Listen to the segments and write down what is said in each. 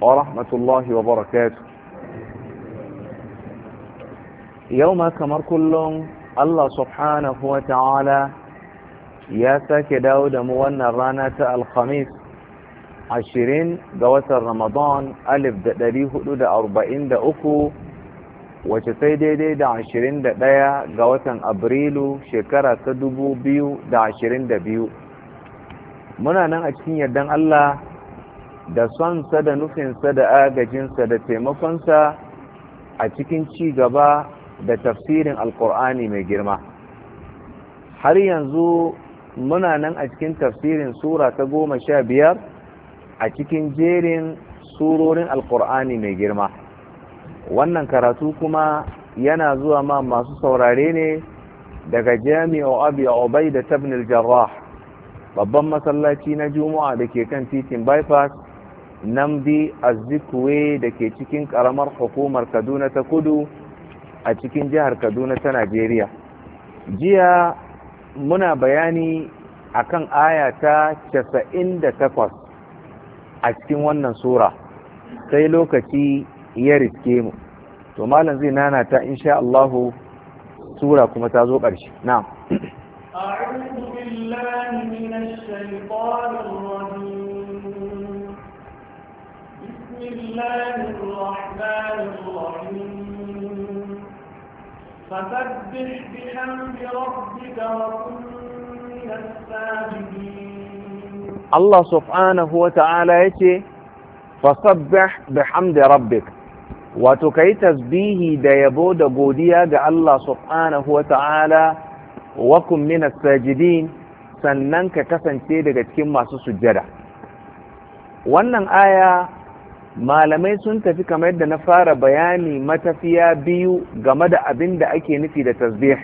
ورحمة الله وبركاته يوم كمر كلهم الله سبحانه وتعالى يا ساك داود موانا رانا الخميس ashirin ga watan ramadan alif da ɗari hudu da arba'in da uku wace sai daidai da ashirin da ɗaya ga watan abrilu shekara ta dubu biyu da biyu muna nan a cikin yardan allah da sonsa da nufinsa da agajinsa da taimakonsa a cikin ci gaba da tafsirin alkur'ani mai girma har yanzu muna nan a cikin tafsirin sura ta goma sha biyar a cikin jerin surorin alkur'ani mai girma wannan karatu kuma yana zuwa ma masu saurare ne daga jami'a abu ya obai da tabnil jarrah babban masallaci na juma'a da ke kan titin bypass namdi azikwe da ke cikin karamar hukumar kaduna ta kudu a cikin jihar kaduna ta najeriya jiya muna bayani akan aya ta 98 a cikin wannan sura sai lokaci ya riske mu to malam zai nana ta insha Allahu sura kuma ta zo ƙarshe na'am a'udhu billahi minash الشيطان الله الرحمن الرحيم فسبح بحمد ربك وكن من الساجدين الله سبحانه وتعالى يتي فسبح بحمد ربك wato ka yi tasbihi da yabo da godiya ga Allah subhanahu wa ta'ala wa kun mina sajidin sannan ka kasance daga cikin masu sujjada wannan aya malamai sun tafi kamar yadda na fara bayani matafiya biyu game da abin da ake nufi da tasbih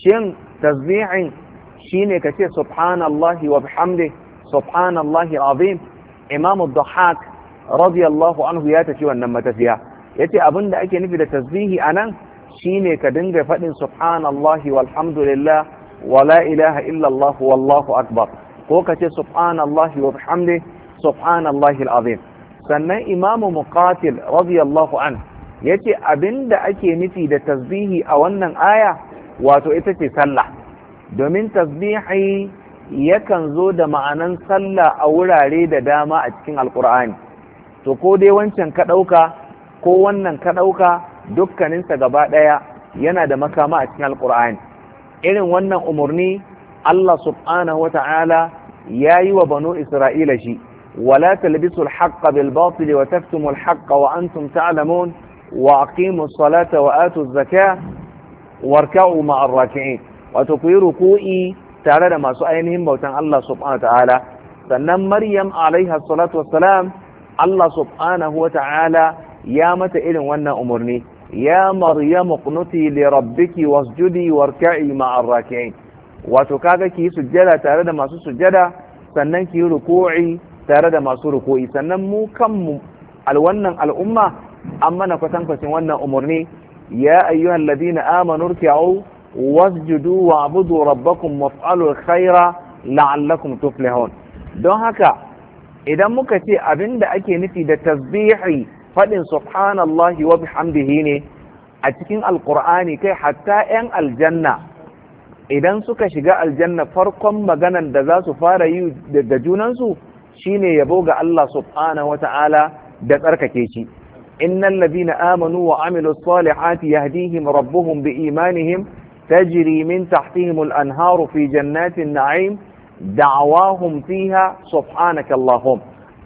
shin tasbihin shine ka ce subhanallahi wa bihamdi subhanallahi azim imam ad-dhahhak radiyallahu anhu ya tafi wannan matafiya yace abin da ake nufi da tasbihi anan shine ka dinga faɗin subhanallahi walhamdulillah wa la ilaha illa Allah wallahu akbar ko ka ce subhanallahi wa bihamdi subhanallahi al-azim sannan imamu muqatil radiyallahu an yace abinda ake nufi da tasbihi a wannan aya wato ita ce sallah domin tasbihi yakan zo da ma'anan sallah a wurare da dama a cikin alkur'ani to ko dai wancan ka ɗauka ko wannan ka ɗauka dukkaninsa gaba ɗaya yana da makama a cikin alkur'ani irin wannan umarni allah subhanahu wa ta'ala ya yi wa banu isra'ila shi ولا تلبسوا الحق بالباطل وتكتموا الحق وأنتم تعلمون وأقيموا الصلاة وآتوا الزكاة واركعوا مع الراكعين وتقويروا ركوعي تعالى لما سؤالهم بوتن الله سبحانه وتعالى فنم مريم عليها الصلاة والسلام الله سبحانه وتعالى يا متى إذن وانا أمرني يا مريم اقنتي لربك واسجدي واركعي مع الراكعين وتكاكي سجدة تعالى لما سجدة فنن كي ركوعي tare da masu rukoi sannan mu kanmu alwannan wannan al'umma an mana kwatankwacin wannan umarni ya ayyuhal ladina amanu rki'u wasjudu wa'budu rabbakum waf'alu khaira la'allakum tuflihun don haka idan muka ce abinda ake nufi da tasbihi fadin subhanallahi wa bihamdihi ne a cikin alqur'ani kai hatta yan aljanna idan suka shiga aljanna farkon maganan da za su fara yi da junansu shine yabo ga Allah subhanahu wata'ala da tsarkake shi innal ladina amanu wa amilu salihati yahdihim rabbuhum biimanihim tajri min tahtihim al-anharu fi jannatin na'im da'awahum fiha subhanaka allahum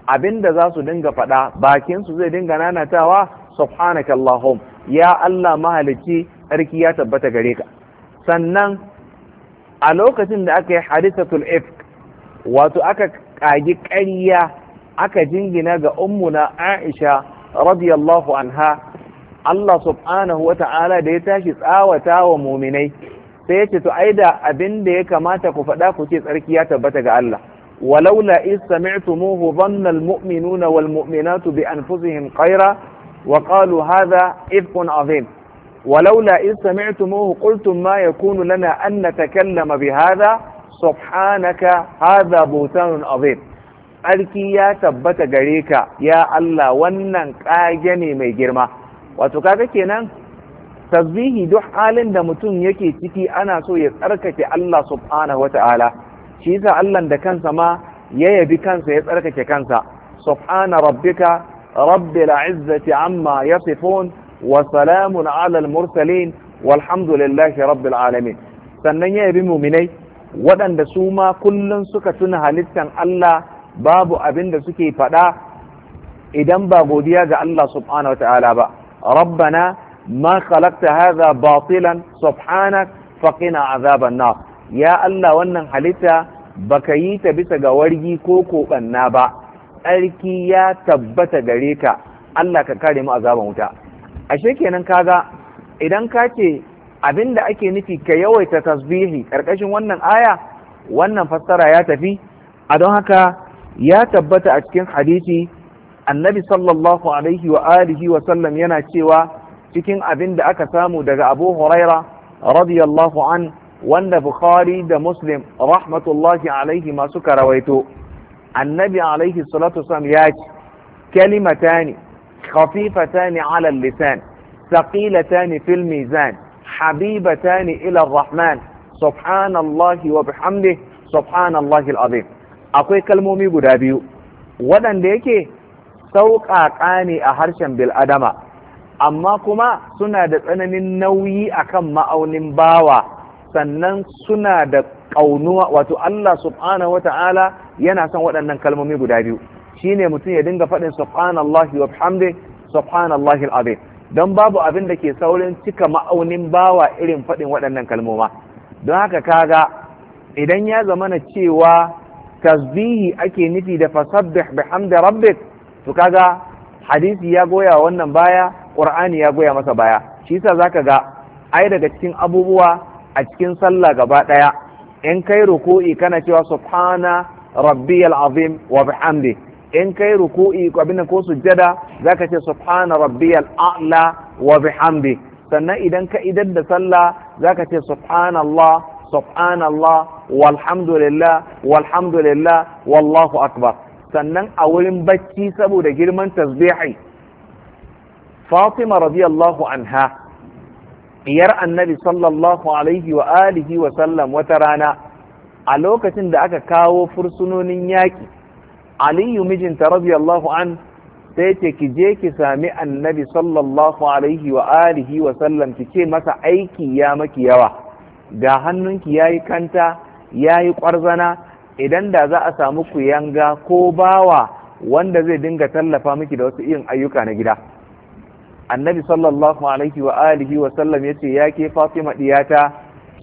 abinda za su dinga faɗa bakin su zai dinga nanatawa subhanaka allahum ya Allah mahalicci sarki ya tabbata gare ka sannan a lokacin da aka yi hadisatul ifk wato aka ƙagi ƙarya aka jingina ga ummuna aisha radiyallahu anha Allah subhanahu wa ta'ala da ya tashi tsawata wa muminai sai ya ce to ai da abin da ya kamata ku faɗa ku ce tsarki ya tabbata ga Allah walaula is sami'tumuhu dhanna almu'minuna walmu'minatu bi anfusihim khaira wa qalu hadha ifkun azim walaula is sami'tumuhu qultum ma yakunu lana an natakallama bi hadha subhanaka hadha butanun azim tsarki ya tabbata gare ka ya Allah wannan ƙage ne mai girma wato kaga kenan tasbihi duk halin da mutum yake ciki ana so ya tsarkake Allah subhanahu wata'ala shi yasa Allah da kansa ma ya yabi kansa ya tsarkake kansa subhana rabbika rabbil izzati amma yasifun wa salamun ala al mursalin walhamdulillahi rabbil alamin sannan ya yabi muminai waɗanda su ma kullum suka tuna halittan Allah babu abin da suke faɗa idan ba godiya ga Allah subhanahu wa ta'ala ba rabbana ma khalaqta hadha batilan subhanak faqina azaban nar ya Allah wannan halitta baka yi ta bisa ga wargi ko koɓanna ba tsarki ya tabbata gare ka Allah ka kare mu azaban wuta ashe kenan kaga idan ka ce abinda ake nufi ka yawaita tasbihi ƙarƙashin wannan aya wannan fassara ya tafi a don haka ya tabbata a cikin hadisi annabi sallallahu alaihi wa alihi wa sallam yana cewa cikin abin da aka samu daga abu huraira radiyallahu an wanda bukhari da muslim rahmatullahi alaihi masu karawaito annabi alaihi salatu wasallam ya ce kalimatani khafifatani ala lisan thaqilatani fil mizan habibatani ila rahman subhanallahi wa bihamdi subhanallahi al'azim akwai kalmomi guda biyu waɗanda yake sauƙaƙa ne a harshen bil'adama amma kuma suna da tsananin nauyi akan ma'aunin bawa sannan suna da ƙaunuwa wato Allah subhanahu wa ta'ala yana son waɗannan kalmomi guda biyu shine mutum ya dinga faɗin subhanallahi wa bihamdi subhanallahi al'azim don babu abin da ke saurin cika ma'aunin bawa irin faɗin waɗannan kalmoma don haka kaga idan ya zamana cewa tasbihi ake nufi da fasabbih bihamdi rabbik to kaga hadisi ya goya wannan baya qur'ani ya goya masa baya shi yasa zaka ga ai daga cikin abubuwa a cikin sallah gaba ɗaya in kai ruku'i kana cewa subhana rabbiyal azim wa bihamdi in kai ruku'i abin ko sujjada zaka ce subhana rabbiyal a'la wa bihamdi sannan idan ka idan da sallah zaka ce subhanallah subhanallah walhamdulillah walhamdulillah wallahu akbar sannan a wurin bacci saboda girman tasbihi Fatima radiyallahu anha diyar annabi sallallahu alaihi wa alihi wa sallam wata rana a lokacin da aka kawo fursunonin yaƙi aliyu mijinta radiyallahu an sai ce ki je ki sami annabi sallallahu alaihi wa alihi wa sallam ki ce masa aiki ya maki yawa ga hannunki ya yi kanta ya yi kwarzana idan da za a samu kuyanga ko bawa wanda zai dinga tallafa miki da wasu irin ayyuka na gida annabi sallallahu alaihi wa alihi wa sallam ya ce ya ke fatima diyata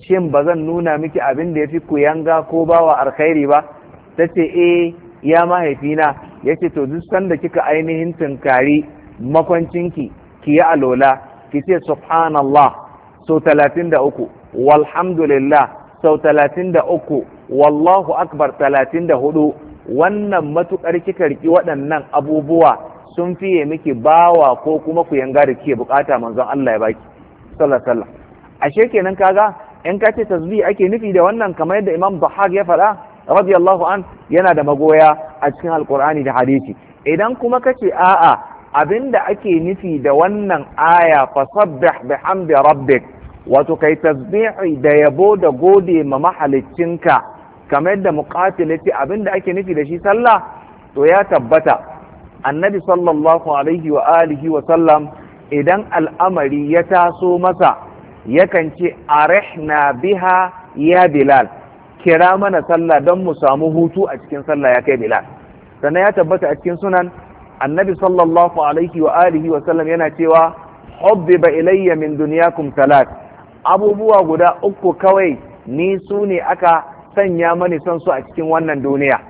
shin ba zan nuna miki abin da ya ku kuyanga ko bawa alkhairi ba ta ce eh ya mahaifina ya ce to duk sanda kika ainihin tunkari makwancinki ki yi alola ki ce subhanallah sau talatin da uku walhamdulillah sau talatin da uku wallahu akbar talatin da hudu wannan matukar kika riki waɗannan abubuwa sun fiye miki bawa ko kuma ku yanga da kike bukata manzon Allah ya baki sallallahu alaihi ashe kenan kaga in ka ce tasbih ake nufi da wannan kamar yadda Imam Bahag ya faɗa radiyallahu an yana da magoya a cikin alkur'ani da hadisi idan kuma kace a'a abinda ake nufi da wannan aya fasabbih bihamdi rabbik wato kai tasbihi da yabo da gode ma mahaliccinka kamar yadda muqatil yace abinda ake nufi da shi sallah to ya tabbata annabi sallallahu alaihi wa alihi wa sallam idan al'amari ya taso masa yakan ce arihna biha ya bilal kira mana sallah don mu samu hutu a cikin sallah ya kai bilal sannan ya tabbata a cikin sunan annabi sallallahu alaihi wa alihi wa sallam yana cewa hubbiba ilayya min dunyakum talat abubuwa guda uku kawai ni su ne aka sanya mani son su a cikin wannan duniya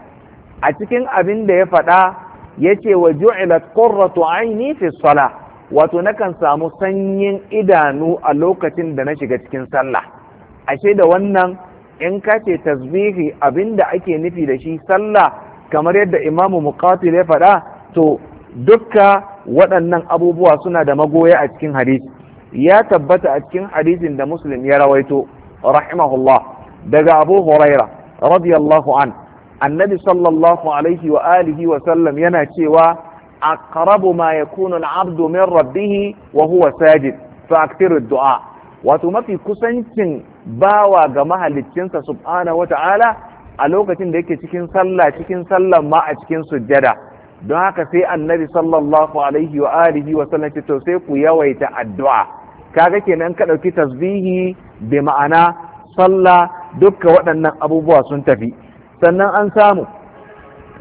a cikin abin da ya faɗa ya ce wa ju'ilat qurratu aini fi salah wato nakan samu sanyin idanu a lokacin da na shiga cikin sallah ashe da wannan in ka ce tasbihi abinda ake nufi da shi sallah kamar yadda imamu muqatil ya faɗa to dukka waɗannan abubuwa suna da magoya a cikin hadisi ya tabbata a cikin hadisin da muslim ya rawaito rahimahullah daga abu huraira radiyallahu an annabi sallallahu alaihi wa alihi wa sallam yana cewa aqrabu ma yakunu al-abdu min rabbihi? wa huwa sajid fa aktiru du'a wato mafi kusancin bawa ga mahaliccinsa subhanahu wata'ala a lokacin da yake cikin sallah cikin sallan ma a cikin sujjada don haka sai annabi sallallahu alaihi wa alihi wa sallam to sai ku yawaita addu'a kaga kenan ka dauki tasbihi bi ma'ana sallah dukkan waɗannan abubuwa sun tafi sannan an samu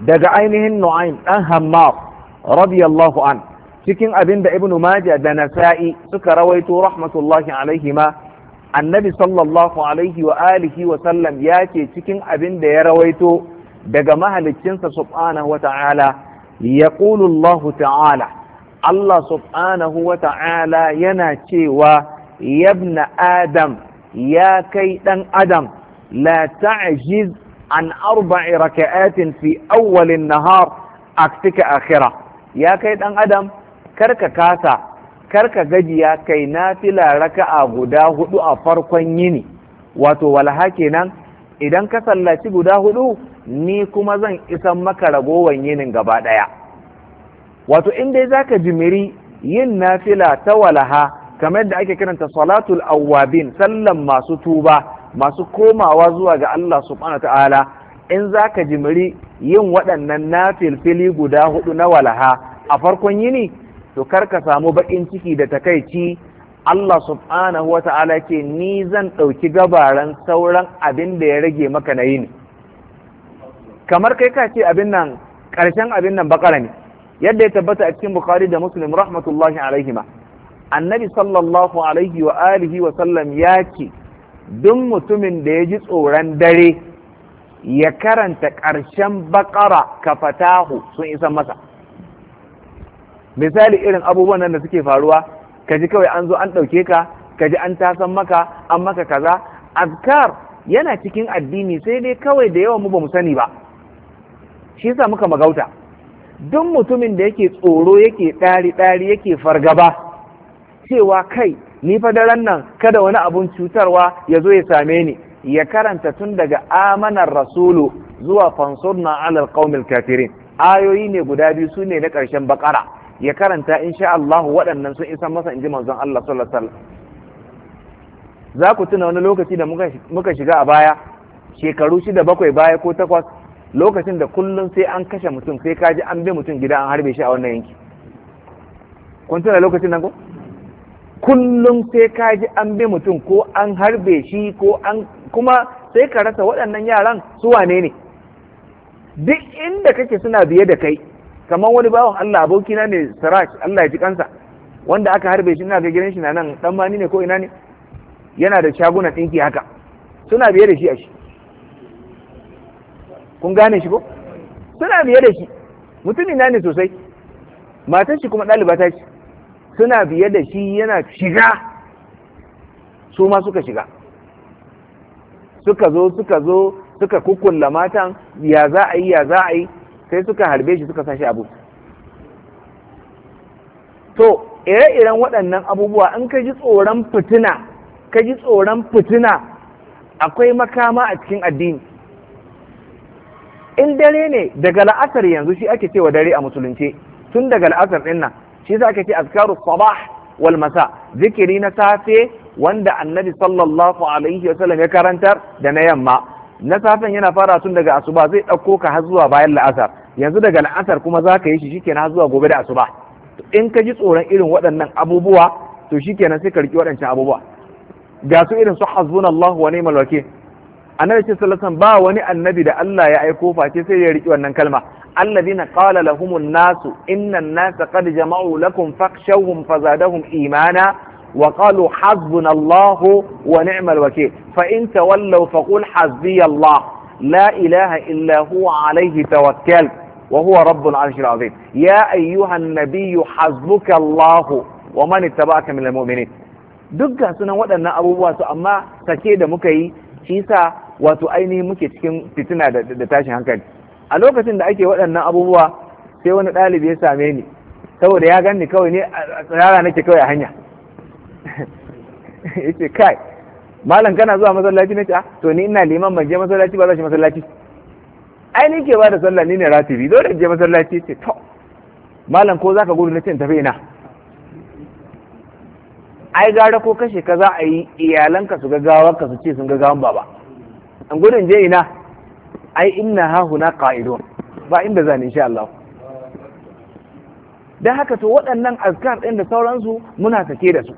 daga ainihin nu'aym dan hammar radiyallahu an cikin abin da ibnu majah da nasa'i suka rawaito rahmatullahi alaihi ma annabi sallallahu alaihi wa alihi wa sallam ya ce cikin abin da ya rawaito daga mahaliccinsa subhanahu wa ta'ala ya Allah ta'ala Allah subhanahu wa ta'ala yana cewa yabna adam ya kai ɗan adam la ta'jiz an arba'i raka'atin fi awwalin nahar aktika akhira ya kai ɗan adam Kar ka kasa karka gajiya kai nafila raka'a guda hudu a farkon yini wato walha kenan idan ka sallaci guda hudu ni kuma zan isan maka ragowan yinin gaba ɗaya wato in dai zaka jimiri yin nafila ta walaha kamar da ake kiranta salatul awwabin sallan masu tuba masu komawa zuwa ga Allah subhanahu ta'ala in zaka jimiri yin waɗannan nafilfili guda hudu na walaha a farkon yini to kar ka samu baƙin ciki da takaici Allah subhanahu wa ta'ala ce ni zan ɗauki gabaran sauran abin da ya rage maka na yini kamar kai ka ce abin nan ƙarshen abin nan bakara ne yadda ya tabbata a cikin bukhari da muslim rahmatullahi alaihima annabi sallallahu alaihi wa alihi wa sallam ya ce duk mutumin da ya ji tsoron dare ya karanta ƙarshen bakara ka fatahu sun isan masa misali irin abubuwan nan da suke faruwa ka ji kawai an zo an ɗauke ka ka ji an tasan maka an maka kaza azkar yana cikin addini sai dai kawai da yawan mu ba mu sani ba shi yasa muka magauta duk mutumin da yake tsoro yake ɗari ɗari yake fargaba cewa kai ni fa daren nan kada wani abun cutarwa ya zo ya same ni ya karanta tun daga amanar rasulu zuwa fansurna alal qaumil kafirin ayoyi ne guda biyu su ne na ƙarshen bakara ya karanta sha Allah waɗannan sun isa masa ji manzon Allah sallallahu alaihi wasallam za ku tuna wani lokaci da muka shiga a baya shekaru shida bakwai baya ko takwas lokacin da kullum sai an kashe mutum sai ka ji an bi mutum gida an harbe shi a wannan yanki kun tuna lokacin nan ko kullum sai ka ji an bi mutum ko an harbe shi ko an kuma sai ka rasa waɗannan yaran su wane ne duk inda kake suna biye da kai kamar wani bawan Allah abokina ne Sarak Allah ya ji kansa wanda aka harbe shi ina ga gidan shi na nan dan mani ne ko ina ne yana da shaguna dinki haka suna biye da shi a shi kun gane shi ko suna biye da shi mutumin na ne sosai matar shi kuma ɗaliba ta shi suna biye da shi yana shiga su ma suka shiga suka zo suka zo suka kukkulla matan ya za a yi ya za a yi sai suka harbe shi suka sashi abu to ire-iren waɗannan abubuwa in ka ji tsoron fitina ka ji tsoron fitina akwai makama a cikin addini in dare ne daga la'asar yanzu shi ake cewa dare a musulunce tun daga la'asar ɗin nan shi za ka ce azkaru sabah wal zikiri na safe wanda annabi sallallahu alaihi wasallam ya karantar da na yamma na safen yana fara tun daga asuba zai ɗauko ka har zuwa bayan la'asar yanzu daga la'asar kuma za ka yi shi shikenan zuwa gobe da asuba in ka ji tsoron irin waɗannan abubuwa to shikenan sai ka riki waɗancan abubuwa ga su irin su hasbunallahu wa ni'mal wakil annabi sallallahu ba wani annabi da Allah ya aiko face sai ya riki wannan kalma alladhina qala lahumun nasu innan nasa qad jama'u lakum fakhshawhum fazadahum imana wa qalu hasbunallahu wa ni'mal wakil fa in tawallaw faqul hasbi Allah la ilaha illa huwa alayhi tawakkal Wahuwa rabbu na alashira a zai. Ya ayyuhan na biyu hasbukallahu wa mani ta ba aka mulli muminin. Dukkan sunan waɗannan abubuwa su amma ta ke da muka yi shi sa wato ainihin muke fitina da tashin hankali. A da ake waɗannan abubuwa sai wani ɗalibi ya same ni. Saboda ya ganni kawai ne a tsirara nake kawai a hanya. Ita kai. Malam kana zuwa masallaci mace a? To ni ina liman mu je masallaci ba za shi masallaci. ai ni ke ba da sallah ni ne ratibi dole in je masallaci ce to malam ko zaka gudu na ce tafi ina ai gara ko kashe ka za a yi iyalanka su gaggawa ka su ce sun gaggawan baba an gudun je ina ai inna ha huna qa'idun ba inda zan insha Allah dan haka to waɗannan azkar ɗin da sauransu muna sake da su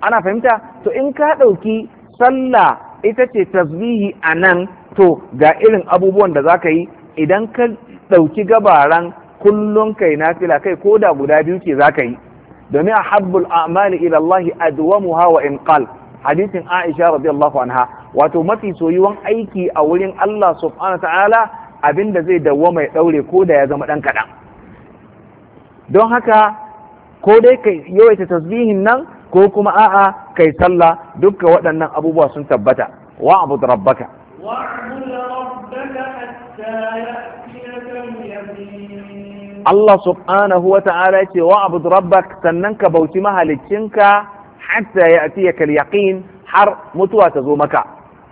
ana fahimta to in ka ɗauki sallah ita ce tasbihi a nan to ga irin abubuwan da za ka yi idan ka ɗauki gabaran kullum kai nafila kai ko da guda biyu ke za ka yi domin a habbul amali ila Allah adwamuha wa in qal hadisin Aisha radiyallahu anha wato mafi soyuwan aiki a wurin Allah subhanahu ta'ala abinda zai dawwama mai daure ko da ya zama dan kaɗan. don haka ko dai kai yawaita tasbihin nan ko kuma a'a kai sallah dukkan waɗannan abubuwa sun tabbata wa abu rabbaka allah ربك حتى يأتيك اليقين الله سبحانه وتعالى يقول واعبد ربك سننك بوتي مهلكينك حتى يأتيك اليقين har mutuwa ta zo maka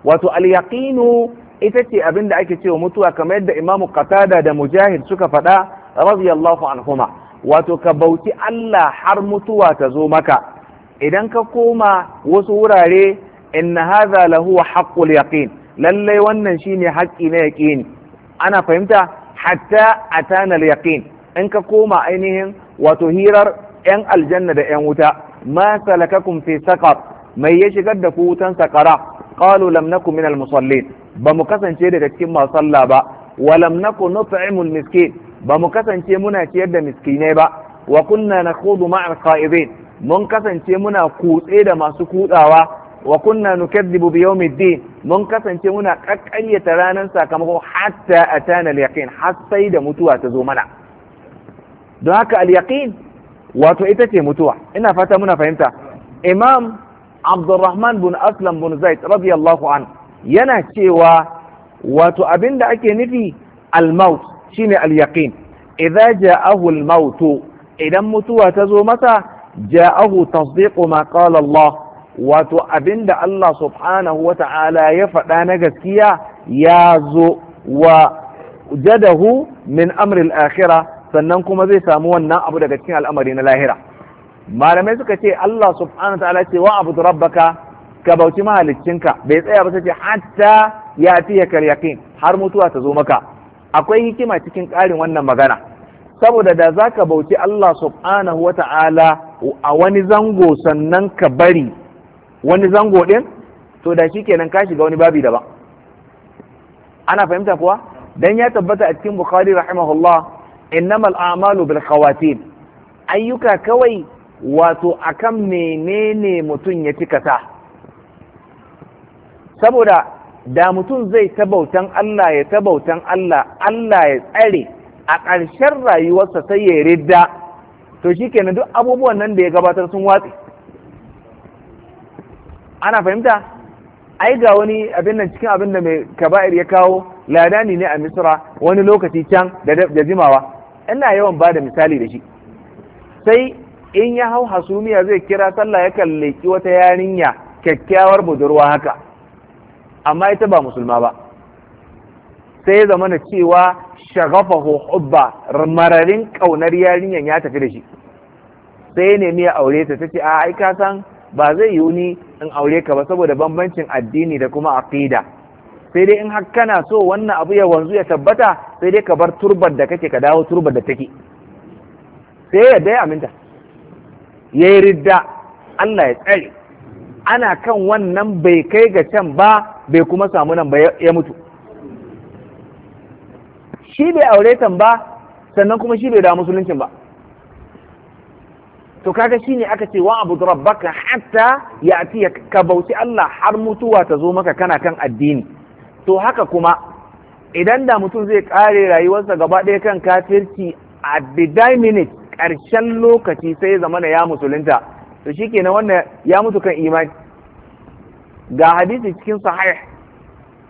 wato yaqinu ita ce abin da ake cewa mutuwa kamar yadda imamu qatada da mujahid suka faɗa radiyallahu anhuma wato ka bauci Allah har mutuwa ta zo maka idan ka koma wasu wurare inna haza lahu haƙƙul yaqin lallai wannan shine haƙƙi na yaƙini ana fahimta hatta atana al yaƙin in ka koma ainihin wato hirar yan aljanna da yan wuta ma salakakum fi saqar mai ya shigar da ku wutan saqara qalu lam nakum min al-musallin ba mu kasance daga cikin masu sallah ba wa lam nakum nut'imul miskin ba mu kasance muna ciyar da miskinai ba wa kunna nakhudu ma'al qa'idin mun kasance muna kutse da masu kudawa wa kunna nukaddibu bi yawmiddin mun kasance muna kakkaryata ranar sakamako hatta atana al-yaqin har sai da mutuwa ta zo mana don haka al-yaqin wato ita ce mutuwa ina fata muna fahimta imam abdurrahman bin aslam bin zaid radiyallahu an yana cewa wato abinda ake nufi al-maut shine al-yaqin idza ja'ahu al-maut idan mutuwa ta zo masa ja'ahu tasdiqu ma qala Allah wato abinda Allah subhanahu wa ta'ala ya faɗa na gaskiya ya zo wa jadahu min amril akhira sannan kuma zai samu wannan abu daga cikin al'amari na lahira malamai suka ce Allah subhanahu wa ta'ala ce wa abu rabbaka ka bauci mahaliccinka bai tsaya ba ce hatta ya fi ya yaqin har mutuwa ta zo maka akwai hikima cikin ƙarin wannan magana saboda da zaka bauci Allah subhanahu wa ta'ala a wani zango sannan ka bari wani zango ɗin to da shi kenan ka shiga wani babi daban ana fahimta kuwa dan ya tabbata a cikin bukhari rahimahullah innamal a'malu bil khawatim ayyuka kawai wato akan menene mutum ya tikata saboda da mutum zai tabautan Allah ya tabautan Allah Allah ya tsare a ƙarshen rayuwarsa sai ya ridda to shi kenan duk abubuwan nan da ya gabatar sun watse ana fahimta ai ga wani abin nan cikin abin da mai kaba'ir ya kawo ladani ne a misra wani lokaci can da jimawa ina yawan ba da misali da shi sai in ya hau hasumiya zai kira sallah ya kalleki wata yarinya kyakkyawar budurwa haka amma ita ba musulma ba sai ya zama cewa shagafahu hubba mararin kaunar yarinyar ya tafi da shi sai ya nemi ya aure ta tace a ai ka san ba zai yiwu ni in aure ka ba saboda bambancin addini da kuma aqida sai dai in har kana so wannan abu ya wanzu ya tabbata sai dai ka bar turbar da kake ka dawo turbar da take sai ya dai aminta Ya yi ridda Allah ya tsare ana kan wannan bai kai ga can ba bai kuma samu nan ba ya mutu shi bai aure can ba sannan kuma shi bai da musuluncin ba to kaga shi ne aka ce wa abu rabbaka hatta ati ka bauti Allah har mutuwa ta zo maka kana kan addini to haka kuma idan da mutum zai kare rayuwarsa gaba ɗaya kan kafirci a the ƙarshen lokaci sai zamana ya musulunta to shi kenan wannan ya mutu kan imani ga hadisi cikin sahih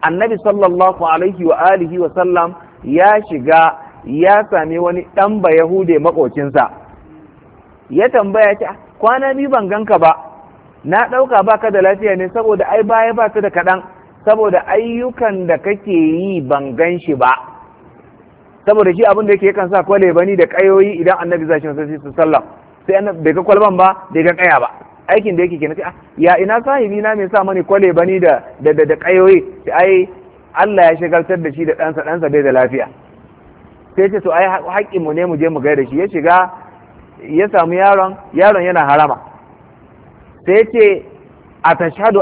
annabi sallallahu alaihi wa alihi wa sallam ya shiga ya sami wani ɗan ba yahude makocinsa ya tambaya ce ah, kwana biyu ban ganka ba na ɗauka ba ka da lafiya ne saboda ai baya ba ta da kaɗan saboda ayyukan da kake yi ban gan shi ba saboda shi abin da yake yakan sa kwale ni da ƙayoyi idan annabi zai shi masu su sallam sai bai ga kwalban ba bai ga ƙaya ba aikin da yake kenan sai ah, ya ina sahibi na mai sa mani kwale bani da da da ai Allah ya shagaltar da shi da ɗansa ɗansa bai da lafiya sai ce to ai haƙƙin mu ne mu je mu gaida shi ya shiga ya samu yaron yaron yana harama sai yace a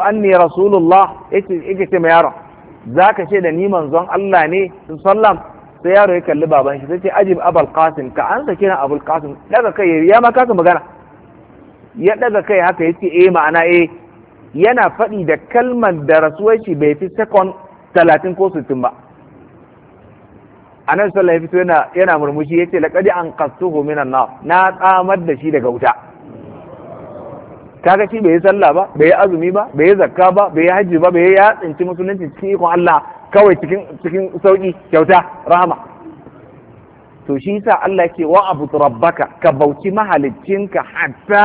an ne rasulullah yake ce ma yaron zaka ce da ni manzon Allah ne in sallam sai yaro ya kalli baban shi sai ce ajib abul qasim ka an sake na abul qasim daga kai ya ma kasa magana ya daga kai haka ya ce eh ma'ana eh yana faɗi da kalmar da rasuwar shi bai fi second talatin ko sittin ba anan sallallahu alaihi wasallam yana yana murmushi yace laqad anqasuhu minan nar na tsamar da shi daga wuta kaga shi bai yi sallah ba bai yi azumi ba bai yi zakka ba bai yi hajji ba bai yi yatsinci musulunci cikin ikon Allah kawai cikin cikin sauki kyauta rahama to shi yasa Allah yake wa abu rabbaka ka bauci mahaliccinka hatta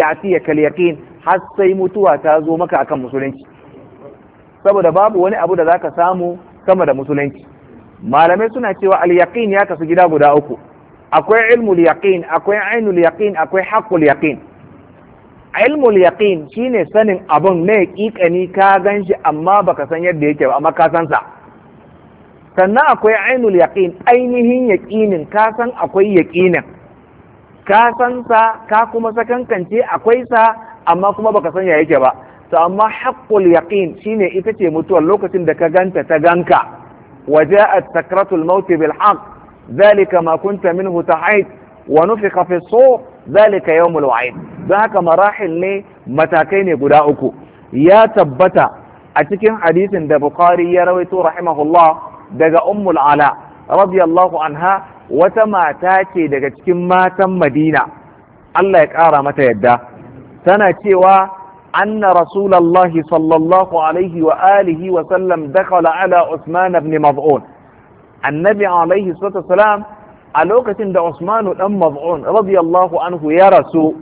yati ya kal yaqin har sai mutuwa ta zo maka akan musulunci saboda babu wani abu da zaka samu sama da musulunci malamai suna cewa al-yaqin ya kasu gida guda uku akwai ilmul yaqin akwai ainul yaqin akwai haqqul yaqin ilmul yaqin shine sanin abun ne ƙiƙani ka ganshi amma baka san yadda yake ba amma ka san sa sannan akwai ainul yaqin ainihin yaqinin ka san akwai yaqinin ka san sa ka kuma sakankance akwai sa amma kuma baka san ya yake ba to amma haqqul yaqin shine ita ce mutuwar lokacin da ka ganta ta ganka وجاءت سكرة الموت بالحق ذلك ما كنت منه تحيت ونفخ في الصور ذلك يوم الوعيد ذاك مراحل ne matakai ne guda uku ya tabbata a cikin hadisin da Bukhari ya rawaito rahimahullah daga Ummul Ala radiyallahu anha wata mata ce daga cikin matan Madina Allah ya ƙara mata yadda tana cewa أن رسول الله صلى الله عليه وآله وسلم دخل على عثمان بن مضعون النبي عليه الصلاة والسلام a lokacin da Usmanu dan Maz'un radiyallahu anhu ya rasu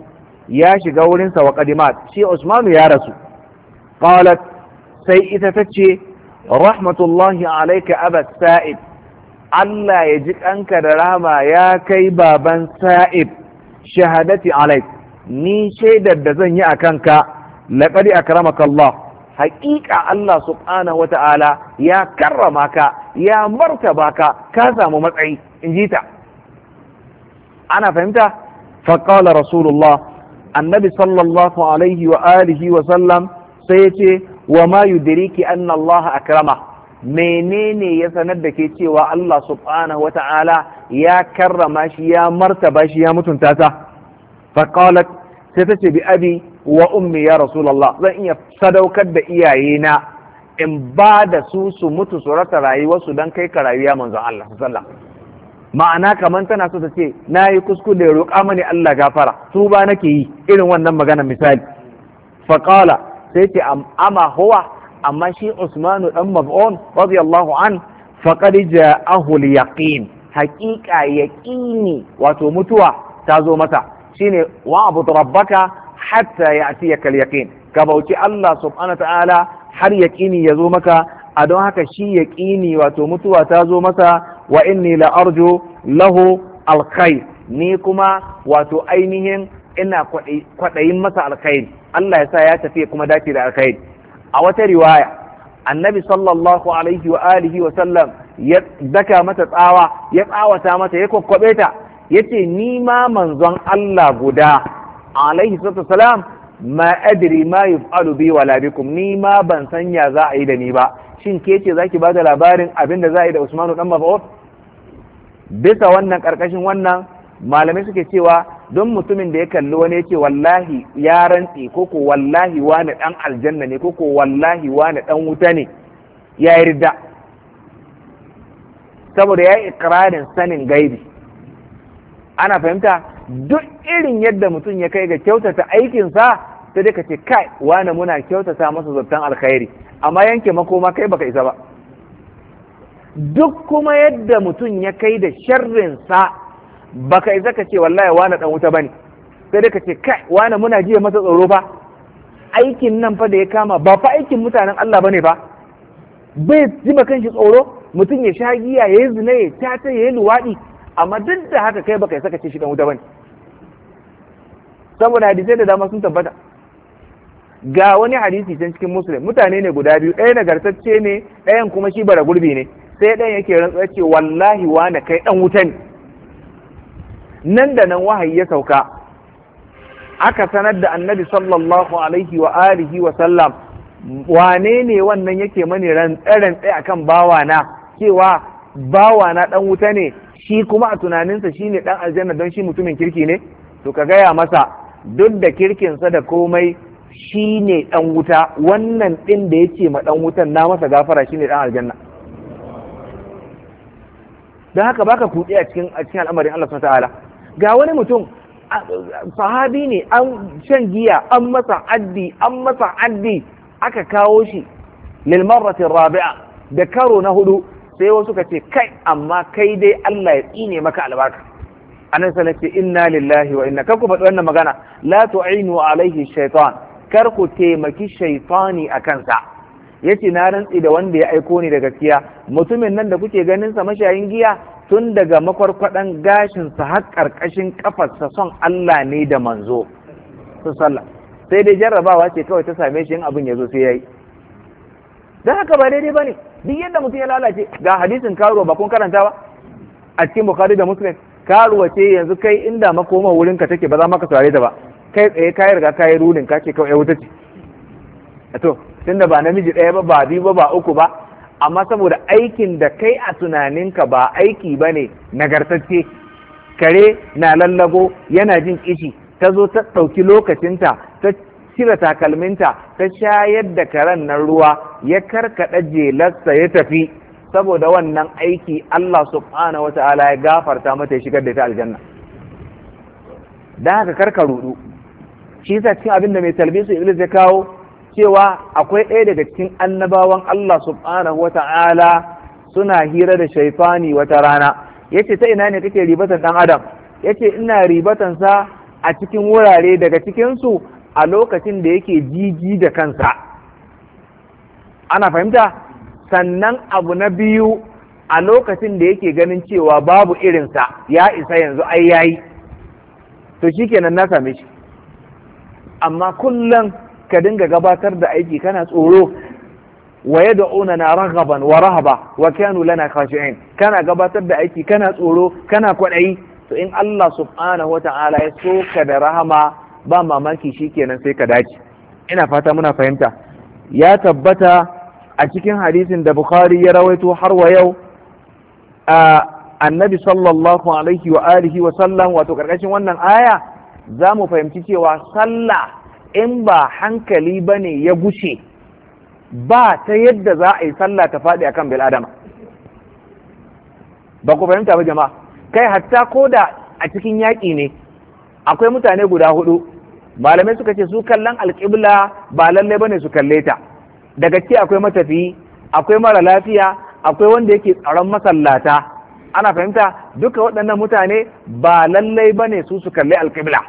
ya shiga wurin sa wa shi Usmanu ya rasu qalat sai ita ta ce, rahmatullahi alayka aba sa'id Allah ya ji kanka da rahma ya kai baban sa'id shahadati alayk ni shaidar da zan yi a kanka laqad akarama Allah haƙiƙa Allah subhanahu wata'ala ya karrama ka ya martaba ka samu matsayi in ji ana fahimta faƙala rasulullah annabi sallallahu alaihi wa wa sallam sai ya wa mayu yudiriki anna Allah akrama menene ya sanar da ke cewa Allah subhanahu ya karrama shi ya martaba shi ya mutunta ta faqalat sai ta ce bi abi wa ummi ya rasulullah zan iya sadaukar da iyayena in ba da su su mutu su rasa rayuwarsu don kai ka rayuwa manzon Allah sallam ma'ana kamar tana so ta ce na yi kuskure roƙa mani Allah gafara su ba nake yi irin wannan magana misali faƙala sai ce amma huwa amma shi usmanu dan mab'un radiyallahu an faqad ja'ahu al-yaqin haƙiƙa yaƙini wato mutuwa ta zo mata shine wa abu rabbaka hatta ya atiyaka yaqin ka bauci Allah subhanahu ta'ala har yaqini ya zo maka a don haka shi yaqini wato mutuwa ta zo masa wa inni la arju lahu alkhair ni kuma wato ainihin ina kwaɗayin masa alkhair Allah ya sa ya tafi kuma dace da alkhair a wata riwaya annabi sallallahu alaihi wa alihi wa sallam ya daka mata tsawa ya tsawata mata ya kwakwabe ta yace ni ma manzon Allah guda alaihi salam ma adri ma yuf'alu bi wala bikum ni ma ban sanya za a yi da ni ba shin ke ce zaki bada labarin abin da za a yi da Usmanu dan Maf'ud bisa wannan karkashin wannan malamai suke cewa don mutumin da ya kalli wani ya ce wallahi ya rantsi ko ko wallahi wani dan aljanna ne ko ko wallahi wani dan wuta ne ya yarda saboda ya yi ikirarin sanin gaibi ana fahimta duk irin yadda mutum ya kai ga kyautata aikinsa sai dai ka ce kai wani muna kyautata masa zartan alkhairi amma yanke makoma kai baka isa ba duk kuma yadda mutum ya kai da sharrinsa baka isa ka ce wallahi wani dan wuta bane sai dai ka ce kai wani muna jiya masa tsoro fa aikin nan fa da ya kama ba fa aikin mutanen Allah bane fa bai ji ba kanshi tsoro mutum ya sha giya ya yi zina ya tata ya yi luwaɗi amma duk da haka kai baka isa ka ce shi dan wuta bane saboda hadisai da dama sun tabbata ga wani hadisi can cikin muslim mutane ne guda biyu ɗaya nagartacce ne ɗayan kuma shi bara gurbi ne sai ɗayan yake rantsuwa ce wallahi na kai ɗan wuta ne nan da nan wahayi ya sauka aka sanar da annabi sallallahu alaihi wa alihi wa sallam wane ne wannan yake mani rantse-rantse akan bawana cewa bawana ɗan wuta ne shi kuma a tunaninsa shine ɗan aljanna don shi mutumin kirki ne to ka gaya masa duk da kirkinsa da komai shi ne ɗan wuta wannan ɗin da ya ce ma ɗan wutan na masa gafara shi ne ɗan aljanna don haka baka kuɗi a cikin a al'amarin Allah subhanahu ta'ala ga wani mutum sahabi ne an shan giya an masa addi an masa addi aka kawo shi lil rabi'a da karo na hudu sai wasu ka ce kai amma kai dai Allah ya tsine maka albarka Anan sallallahu alaihi inna lillahi wa inna kar ku faɗi wannan magana la tu'inu alaihi shaytan kar ku taimaki shaytani a kansa yace na rantsi da wanda ya aiko ni da gaskiya mutumin nan da kuke ganin sa mashayin giya tun daga makwarkwadan gashin sa har karkashin kafarsa son Allah ne da manzo sallah sai dai jarrabawa ce kawai ta same shi in abin ya zo sai yayi dan haka ba daidai bane duk yadda mutum ya lalace ga hadisin karo ba kun karanta ba a cikin bukhari da muslim karuwa ce yanzu kai inda makoma wurinka take ba za maka saurare ta ba kai tsaye ka riga ka yi runin ka ce kawai wuta ce to tunda ba namiji ɗaya ba ba biyu ba ba uku ba amma saboda aikin da kai a tunaninka ba aiki ba ne nagartacce kare na lallago yana jin kishi ta zo ta ɗauki lokacinta ta cire takalminta ta shayar da karen nan ruwa ya karkaɗa jelarsa ya tafi saboda wannan aiki Allah subhanahu wa ta'ala ya gafarta mata ya shigar da ita aljanna da haka karka rudu shi yasa cikin abin da mai talbisu iblis ya kawo cewa akwai ɗaya daga cikin annabawan Allah subhanahu wa ta'ala suna hira da shaifani wata rana yace ta ina ne kake ribatan dan adam yace ina ribatan sa a cikin wurare daga cikin su a lokacin da yake jiji da kansa ana fahimta sannan abu na biyu a lokacin da yake ganin cewa babu irinsa ya isa yanzu ai yayi to shikenan na same shi amma kullum ka dinga gabatar da aiki kana tsoro wa na ragaban wa rahaba wa kanu lana khashi'in kana gabatar da aiki kana tsoro kana kwaɗayi to in Allah subhanahu wata'ala ya so ka da rahama ba mamaki shikenan sai ka dace ina fata muna fahimta ya tabbata a cikin hadisin da bukhari ya rawaito har wa yau a annabi sallallahu alaihi wa alihi wa sallam wato karkashin wannan aya za mu fahimci cewa sallah in ba hankali ba ne ya gushe ba ta yadda za a yi sallah ta faɗi akan bil bil'adama. ba ku fahimta ba jama'a kai hatta ko da a cikin yaƙi ne akwai mutane guda hudu malamai suka ce su kallon alƙibla ba lalle bane su kalle ta da gaske akwai matafiyi akwai mara lafiya akwai wanda yake tsaron masallata ana fahimta duka waɗannan mutane ba lallai ba ne su su kalli alƙibla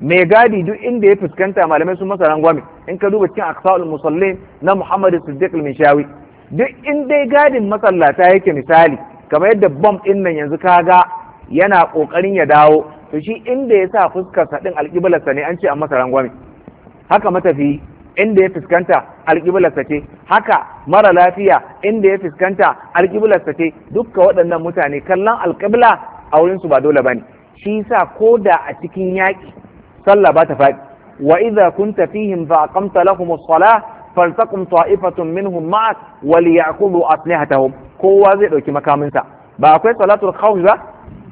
mai gadi duk inda ya fuskanta malamai sun masa rangwame in ka duba cikin aqsaul musallin na Muhammadu Siddiq al-Mishawi duk in dai gadin masallata yake misali kamar yadda bom ɗin nan yanzu ga yana ƙoƙarin ya dawo to shi inda ya sa fuskarsa ɗin alƙiblarsa ne an ce an masa rangwame haka matafi inda ya fuskanta alƙiblarsa ce haka mara lafiya inda ya fuskanta alƙiblarsa ce dukka waɗannan mutane kallon alƙibla a wurinsu ba dole ne. shi sa ko da a cikin yaƙi sallah ba ta faɗi wa idza kunta fihim fa aqamta lahum as-salah faltaqum ta'ifatun minhum ma'ak wa aslihatahum kowa zai ɗauki makaminsa ba akwai salatul khawf ba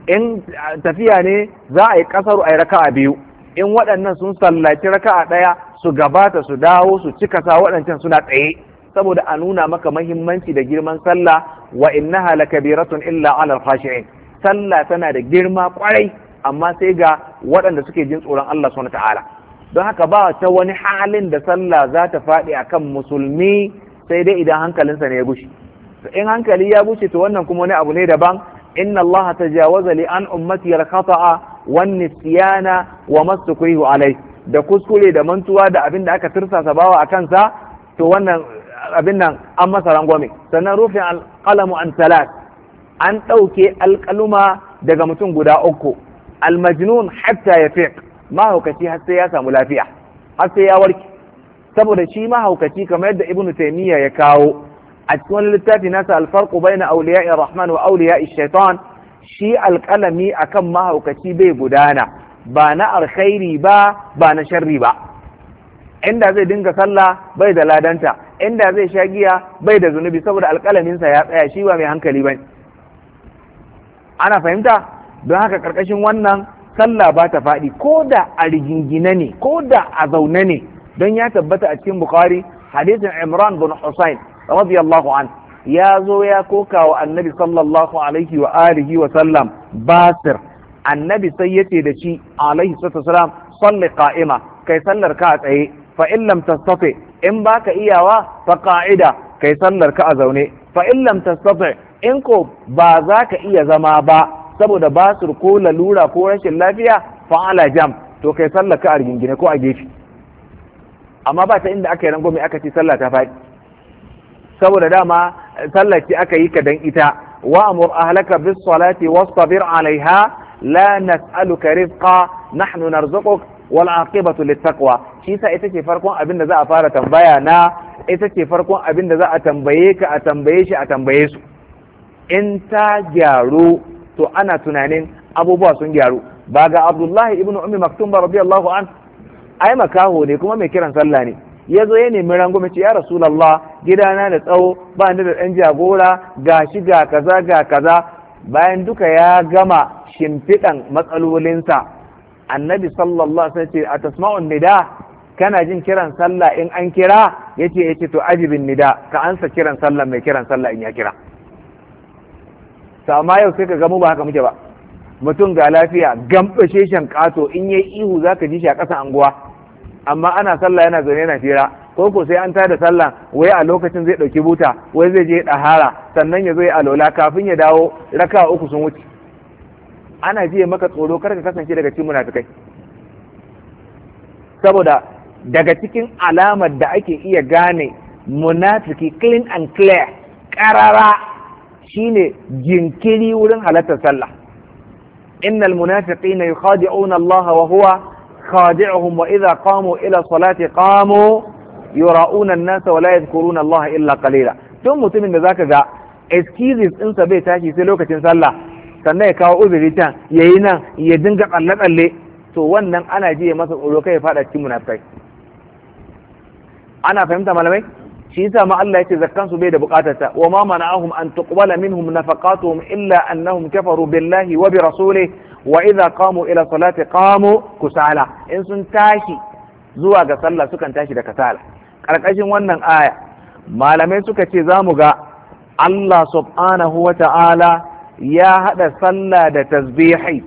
in tafiya ne za a yi kasaru a yi raka'a biyu in waɗannan sun sallaci raka'a ɗaya su gabata su dawo su cika sa waɗancan suna tsaye saboda a nuna maka mahimmanci da girman sallah wa innaha illa alal khashi'in sallah tana da girma kwarai amma sai ga waɗanda suke jin tsoron Allah subhanahu ta'ala don haka ba ta wani halin da sallah za ta faɗi akan musulmi sai dai idan hankalinsa ne ya bushe in hankali ya bushe to wannan kuma wani abu ne daban inna Allah tajawaza li an ummati al-khata'a wan nisyana wa masukrihu alai da kuskure da mantuwa da abin da aka tirsasa bawa a kansa to wannan abin nan an masa rangwame sannan rufin alƙalamu an talat an ɗauke alƙaluma daga mutum guda uku almajnun hatta ya fiq mahaukaci har sai ya samu lafiya har sai ya warke saboda shi mahaukaci kamar yadda ibnu taymiya ya kawo a cikin wani littafi nasa alfarqu baina awliya'i rahman wa awliya'i shaitan shi alƙalami akan mahaukaci bai gudana ba na alkhairi ba ba na sharri ba inda zai dinga sallah bai da ladanta inda zai sha giya bai da zunubi saboda alƙalaminsa ya tsaya shi ba mai hankali ba ana fahimta don haka ƙarƙashin wannan sallah ba ta faɗi ko da a rigingine ne ko da a zaune ne don ya tabbata a cikin bukari hadisin imran bin husain radiyallahu an ya zo ya koka wa annabi sallallahu alaihi wa alihi wa sallam basir annabi sai yace da shi alaihi sallam salli qa'ima kai sallar ka tsaye fa in lam tastati in baka iyawa fa qa'ida kai sallar ka a zaune fa in lam tastati in ko ba za ka iya zama ba saboda basir ko lalura ko rashin lafiya fa ala jam to kai sallar ka a rigingine ko a gefe amma ba ta inda aka yi rango aka ce sallah ta faɗi saboda dama eh, sallaci aka yi ka dan ita wa amur ahlaka bis salati wastabir alaiha la nas'aluka rizqa nahnu narzuquk wal aqibatu lit shi sa ita ce farkon abin da za a fara tambaya na ita ce farkon abin da za a tambaye ka a tambaye shi a tambaye su in ta gyaru to ana tunanin abubuwa sun gyaru ba ga abdullahi ibnu ummi maktum radiyallahu an ai makaho ne kuma mai kiran sallah ne ya zo ya nemi rango ce ya rasulallah gidana da tsawo ba ni da ɗan jagora gashi ga kaza ga kaza bayan duka ya gama shimfiɗan matsalolinsa annabi sallallahu alaihi ce a tasma'un nida kana jin kiran sallah in an kira yace yace to ajibin nida ka ansa kiran sallah mai kiran sallah in ya kira to amma yau sai ka gamu ba haka muke ba mutum ga lafiya gambashe shan kato in yayi ihu zaka ji shi a ƙasan anguwa amma ana sallah yana zaune yana fira ko ko sai an da sallah wai a lokacin zai ɗauki buta wai zai je dahara sannan ya zo ya alola kafin ya dawo raka uku sun wuce ana jiya maka tsoro kar ka kasance daga cikin munafikai saboda daga cikin alamar da ake iya gane munafiki clean and clear karara shine jinkiri wurin halartar sallah innal munafiqina yukhadi'una Allah wa huwa khadi'uhum wa idza qamu ila salati qamu yura'una an-nasa wa la yadhkuruna Allah illa qalila tun mutumin da zaka ga excuses ɗinsa bai tashi sai lokacin sallah sannan ya kawo uzuri can yayi nan ya dinga tsalle tsalle to wannan ana ji ya masa tsoro kai fada cikin munafikai ana fahimta malamai shi yasa ma Allah ce zakkan su bai da ta? wa ma mana'ahum an tuqbala minhum nafaqatuhum illa annahum kafaru billahi wa bi rasulihi wa idza qamu ila salati qamu kusala in sun tashi zuwa ga sallah sukan tashi da kasala karkashin wannan aya malamai suka ce zamu ga Allah subhanahu wa ta'ala ya haɗa sallah da tasbihai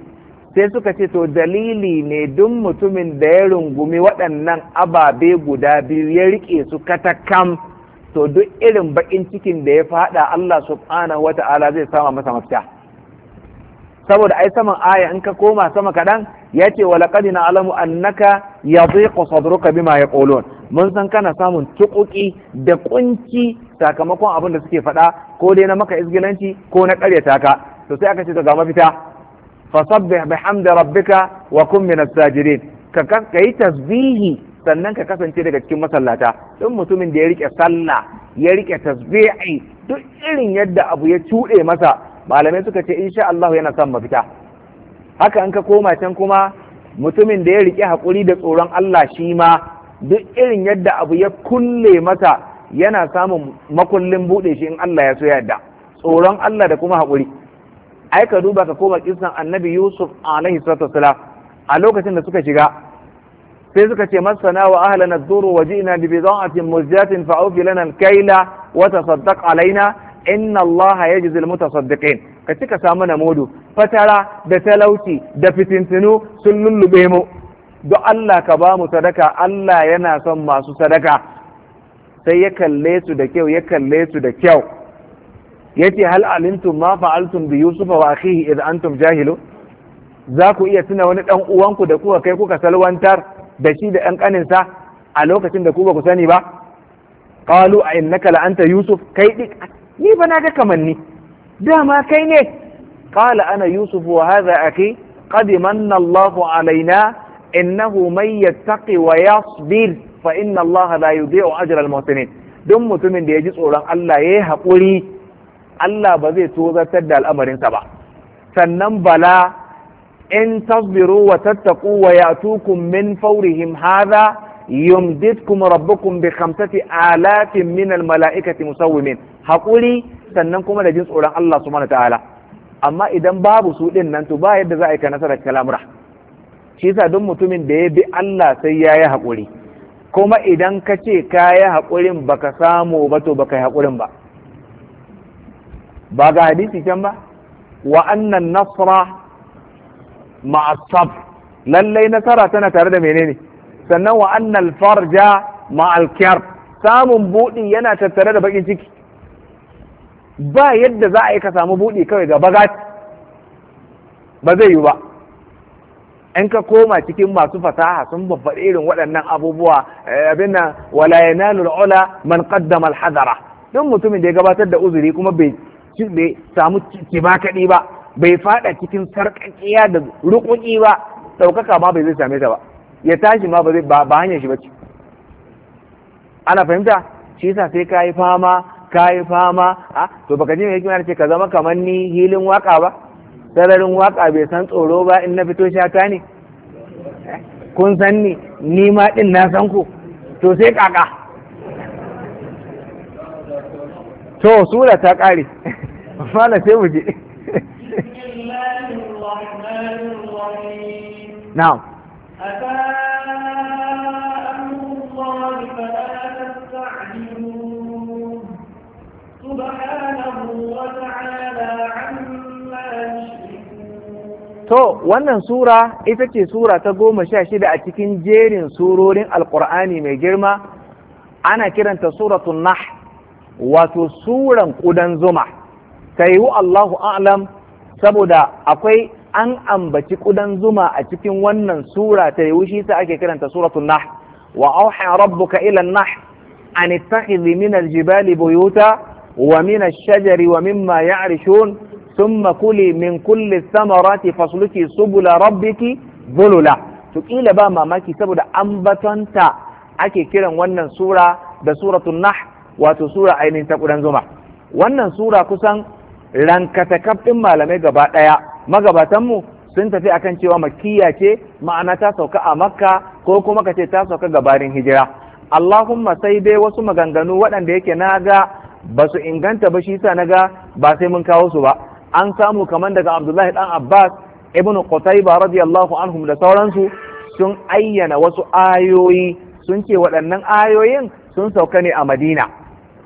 sai suka ce to dalili ne duk mutumin da ya rungumi waɗannan ababe guda biyu ya riƙe su katakam to duk irin baƙin cikin da ya faɗa Allah subhanahu wa ta'ala zai sama masa mafita saboda ai saman aya in ka koma sama kaɗan ya ce wa laƙadi na alamu annaka ya zuƙa sadruka bima ya ƙolon mun san kana samun tuƙuƙi da ƙunci sakamakon abin da suke faɗa ko dai na maka izgilanci ko na ƙaryata ka to sai aka ce ga mafita fasabbih bihamdi rabbika wa kun min sajidin ka yi tasbihi sannan ka kasance daga cikin masallata duk mutumin da ya rike sallah ya rike tasbihi duk irin yadda abu ya cuɗe masa malamai suka ce insha Allah yana son mafita haka in ka koma can kuma mutumin da ya rike haƙuri da tsoron Allah shi ma duk irin yadda abu ya kulle masa yana samun makullin buɗe shi in Allah ya so yadda tsoron Allah da kuma haƙuri ai ka duba ka koma kisan annabi Yusuf alaihi salatu a lokacin da suka shiga sai suka ce masana wa ahlana dhuru wa ji'na bi bid'atin muzjatin fa lana al-kayla wa tasaddaq alaina inna Allah ya ji mutasaddiqin ka cika samu na modu fatara da talauci da fitintinu sun lullube mu don Allah ka ba mu sadaka Allah yana son masu sadaka sai ya kalle su da kyau ya kalle su da kyau yace hal alimtum ma fa'altum bi yusuf wa akhihi idh antum jahilu za ku iya tuna wani dan uwanku da kuka kai kuka salwantar da shi da ɗan ƙaninsa a lokacin da ku ba ku sani ba qalu a innaka la anta yusuf kai dik ni ba na ga kamanni dama kai ne qala ana yusuf wa hadha aki qad manna Allah alaina innahu man yattaqi wa yasbir fa inna Allah la yudhi'u ajra al-muhsinin don mutumin da ya ji tsoron Allah ya yi haƙuri Allah ba zai tozartar da al'amarinsa ba sannan bala in tasbiru wa tattaqu wa ya'tukum min fawrihim hadha a ربكم بخمسة mala'ikati من الملائكة مسومين haƙuri sannan kuma da jin tsoron Allah mana ta'ala amma idan babu su ɗin nan to ba yadda za a yi ka nasarar kalamura shi yasa duk mutumin da ya bi Allah sai ya yi haƙuri kuma idan ka ce ka yi haƙurin baka samu ba to baka yi haƙurin ba ba ga hadisi can ba wa annan nasra ma'asab lallai nasara tana tare da menene sannan wa'annan farja ma'alkiyar samun buɗi yana tattare da bakin ciki ba yadda za a yi ka samu buɗe kawai ga bagat ba zai yi ba in ka koma cikin masu fasaha sun babbaɗe irin waɗannan abubuwa eh, abin nan wala yanalu al'ula man qaddama al-hadara don mutumin da ya gabatar da uzuri kuma bai samu kibakaɗi ba bai faɗa cikin sarƙaƙiya da ruƙuƙi ba ɗaukaka ma bai zai same ta ba ya tashi ma ba ba hanyar shi ba ce ana fahimta shi yasa sai ka yi fama ka yi fama a to baka ji mai hikima ce ka zama kamar ni hilin waka ba sararin waka bai san tsoro ba in na fito shata ne kun san ni ni ma din na san ku to sai kaka to sura ta kare fala sai mu je na'am to wannan sura ita ce sura ta goma sha shida a cikin jerin surorin Alƙur'ani mai girma ana kiranta suratun nah wato suran ƙudan zuma ta yiwu allahu alam saboda akwai an ambaci ƙudan zuma a cikin wannan sura ta yiwu shi ta ake kiranta suratun nah wa auha rabbuka ila nah an ittakhidhi min aljibali buyuta wa min ash-shajari wa mimma ya'rishun ثم كلي من كل الثمرات فاسلكي سبل ربك ذللا تقيل ba mamaki saboda an batanta ake kiran wannan sura da suratul nah wato sura ainihin ta kudan zuma wannan sura kusan rankatakaf ɗin malamai gaba ɗaya magabatanmu sun tafi akan cewa makkiya ce ma'ana ta sauka a makka ko kuma ka ce ta sauka gabarin hijira allahumma sai dai wasu maganganu waɗanda yake na ga ba inganta ba shi sa na ga ba sai mun kawo su ba an samu kamar daga abdullahi Ɗan abbas ibn qutayba radiyallahu anhum da sauransu sun ayyana wasu ayoyi sun ce waɗannan ayoyin sun sauka ne a madina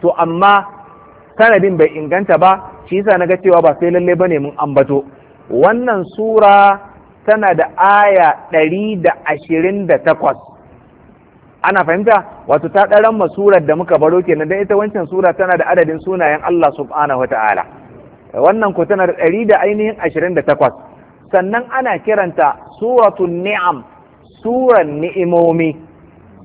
to amma sanadin bai inganta ba shi yasa naga cewa ba sai lalle bane mun ambato wannan sura tana da aya ɗari da ashirin da takwas ana fahimta wato ta ɗaran surar da muka baro kenan Don ita wancan sura tana da adadin sunayen Allah subhanahu Ta'ala. wannan ko tana da ɗari da ainihin ashirin da takwas sannan ana kiranta suratun ni'am suran ni'imomi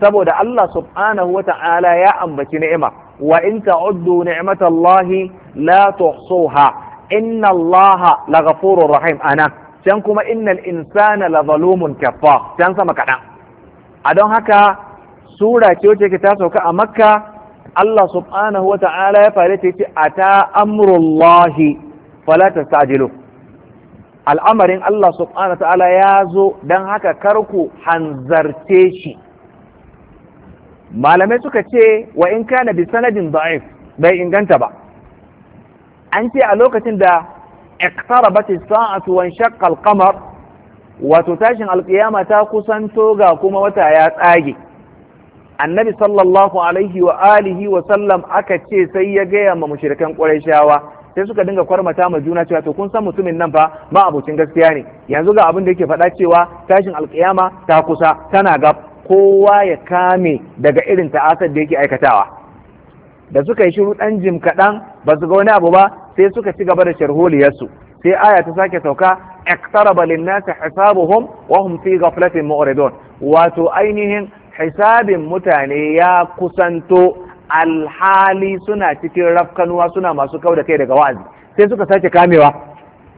saboda Allah subhanahu wa ta'ala ya ambaci ni'ima wa in ta'uddu ni'matallahi la tuhsuha inna Allah la rahim ana can kuma innal insana la zalumun kafa. can sama kaɗan a don haka sura ce wacce ta sauka a makka Allah subhanahu wa ta'ala ya faru ta yace ata amrullahi fala tastajilu al'amarin Allah subhanahu wa ta'ala ya zo dan haka karku hanzarce shi malamai suka ce wa in kana bi sanadin da'if bai inganta ba an ce a lokacin da iqtarabat as-sa'atu wa shaqqa kamar, wato tashin alƙiyama ta kusanto ga kuma wata ya tsage annabi sallallahu alaihi wa alihi wa sallam aka ce sai ya gaya ma mushrikan qurayshawa sai suka dinga kwarmata ma juna cewa to kun san mutumin nan fa ma abokin gaskiya ne yanzu ga abin da yake faɗa cewa tashin alkiyama ta kusa tana gab kowa ya kame daga irin ta'asar da yake aikatawa da suka yi shiru dan jim kaɗan ba su ga wani abu ba sai suka ci gaba da sharholiyarsu sai aya ta sake sauka اقترب للناس حسابهم وهم في غفلة معرضون wato ainihin hisabin mutane ya kusanto alhali suna cikin rafkanuwa suna masu kau da kai daga wa'azi sai suka sake kamewa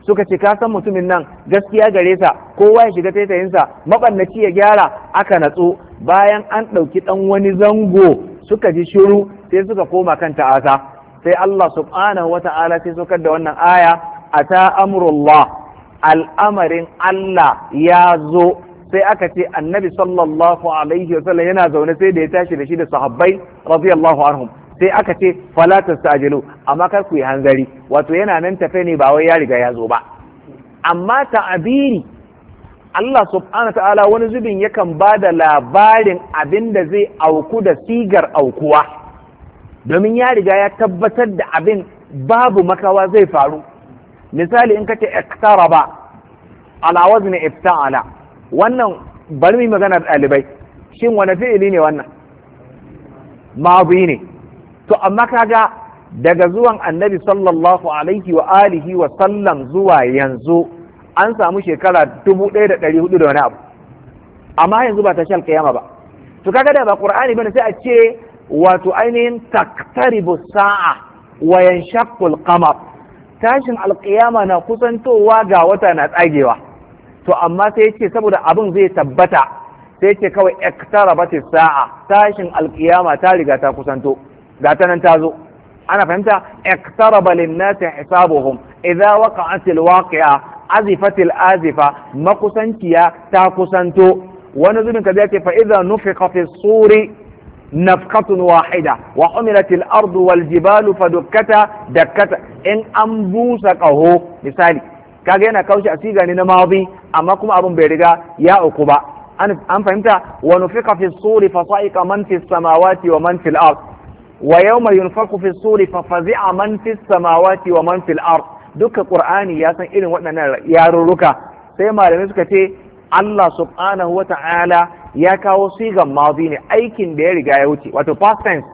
suka ce ka san mutumin nan gaskiya gare sa kowa ya shiga taitayinsa maɓannaci ya gyara aka natsu bayan an ɗauki ɗan wani zango suka ji shiru sai suka koma kan ta'asa sai Allah subhanahu wa ta'ala sai sokar da wannan aya ata amrullah al'amarin Allah ya zo sai aka ce annabi sallallahu alaihi wa sallam yana zaune sai da ya tashi da shi da sahabbai radiyallahu anhum sai aka ce fala tastajilu amma kar ku yi hanzari wato yana nan tafe ne ba wai ya riga ya zo ba amma ta'abiri Allah subhanahu ta'ala wani zubin yakan ba da labarin abin da zai auku da sigar aukuwa domin ya riga ya tabbatar da abin babu makawa zai faru misali in kace ba, ala wazni ifta'ala wannan bari mai magana ɗalibai shin wani fi'ili ne wannan mazi ne to amma kaga daga zuwan annabi sallallahu alaihi wa alihi wa sallam zuwa yanzu an samu shekara dubu ɗaya da ɗari hudu da wani abu amma yanzu ba ta shal kiyama ba to kaga da ba qur'ani bane sai a ce wato ainihin taktaribu sa'a wa yanshaqqul qamar tashin alqiyama na kusantowa ga wata na tsagewa to amma sai ce saboda abin zai tabbata sai yace kawai iktarabati sa'a tashin alkiyama ta riga ta kusanto ga ta nan ta zo ana fahimta iktaraba lin-nasi hisabuhum idza waqa'at al-waqi'a azifat azifa makusanciya ta kusanto wani zubin ka zai ce fa idza nufiqa fi suri nafkatun wahida wa umilat al-ardu wal jibalu fadukkata dakkata in an busa qaho misali kaga yana kaushi a siga na mazi amma kuma abin bai riga ya uku ba an fahimta wa nufika fi suri fa sa'iqa man fi samawati wa man fil ard wa yawma yunfaku fi suri fa fazi'a man fi samawati wa man fil ard duka qur'ani ya san irin waɗannan yarurruka sai malamai suka ce Allah subhanahu wa ta'ala ya kawo sigan mazi ne aikin da ya riga ya wuce wato past tense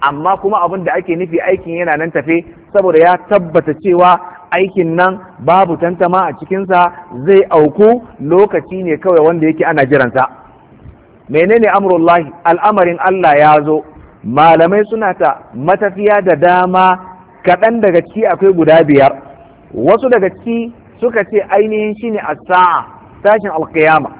amma kuma abin da ake nufi aikin yana nan tafe saboda ya tabbata cewa aikin nan babu tantama a cikinsa zai auku lokaci ne kawai wanda yake ana jiransa menene amrullahi al'amarin Allah ya zo malamai suna ta matafiya da dama kaɗan daga ciki akwai guda biyar wasu daga ciki suka ce ainihin shi ne a saa tashin alkiyama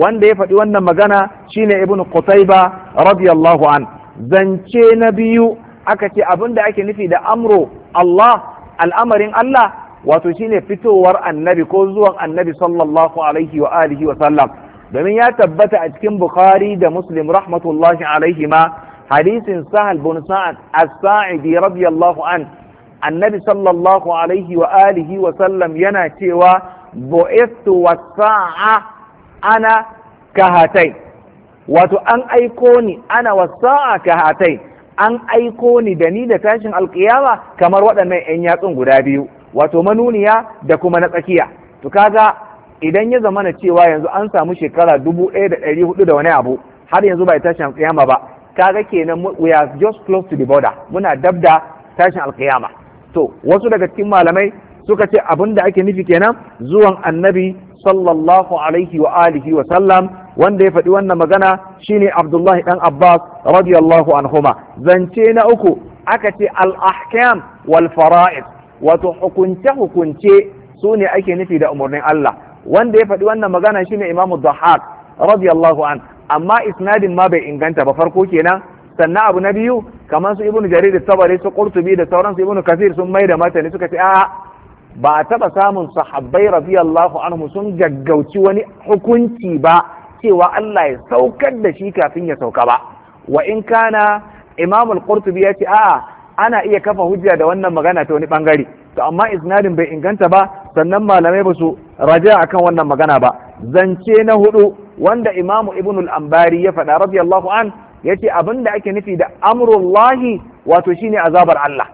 wanda ya faɗi wannan magana shine ibn qutayba radiyallahu an zance na biyu aka ce abin da ake nufi da amro Allah al'amarin Allah wato shine fitowar annabi ko zuwan annabi sallallahu alaihi wa alihi wa sallam domin ya tabbata a cikin bukhari da muslim rahmatullahi alaihi ma hadisin sahal bin sa'ad as-sa'idi radiyallahu an annabi sallallahu alaihi wa alihi wa sallam yana cewa bu'ithu was-sa'a ana kahatai wato an aiko ni ana was-sa'a kahatai an aiko ni da ni da tashin alkiyama kamar waɗannan 'yan yatsun guda biyu wato manuniya da kuma na tsakiya to kaga idan ya zama zamana cewa yanzu an samu shekara dubu ɗaya da ɗari hudu da wani abu har yanzu bai tashin alkiyama ba kaga kenan we are just close to the border muna dab da tashin alkiyama to wasu daga cikin malamai suka ce abin da ake nufi kenan zuwan annabi sallallahu alaihi wa alihi wa sallam wanda ya faɗi wannan magana shine Abdullahi dan Abbas radiyallahu anhuma zance na uku aka ce al-ahkam wal fara'id wato hukunce hukunce su ne ake nufi da umarnin Allah wanda ya faɗi wannan magana shine Imam Dhahhak radiyallahu an amma isnadin ma bai inganta ba farko kenan sannan abu na biyu kamar su ibnu jarir tabari su qurtubi da sauransu ibnu kasir sun mai da matani suka ce a ba a taba samun sahabbai radiyallahu anhu sun gaggauci wani hukunci ba cewa Allah ya saukar da shi kafin ya sauka ba wa in kana Imam al-Qurtubi ya ce a'a ana iya kafa hujja da wannan magana ta wani bangare to amma isnadin bai inganta ba sannan malamai ba su raja akan wannan magana ba zance na hudu wanda Imam Ibn al-Ambari ya faɗa radiyallahu an yace abinda ake nufi da amrullahi wato shine azabar Allah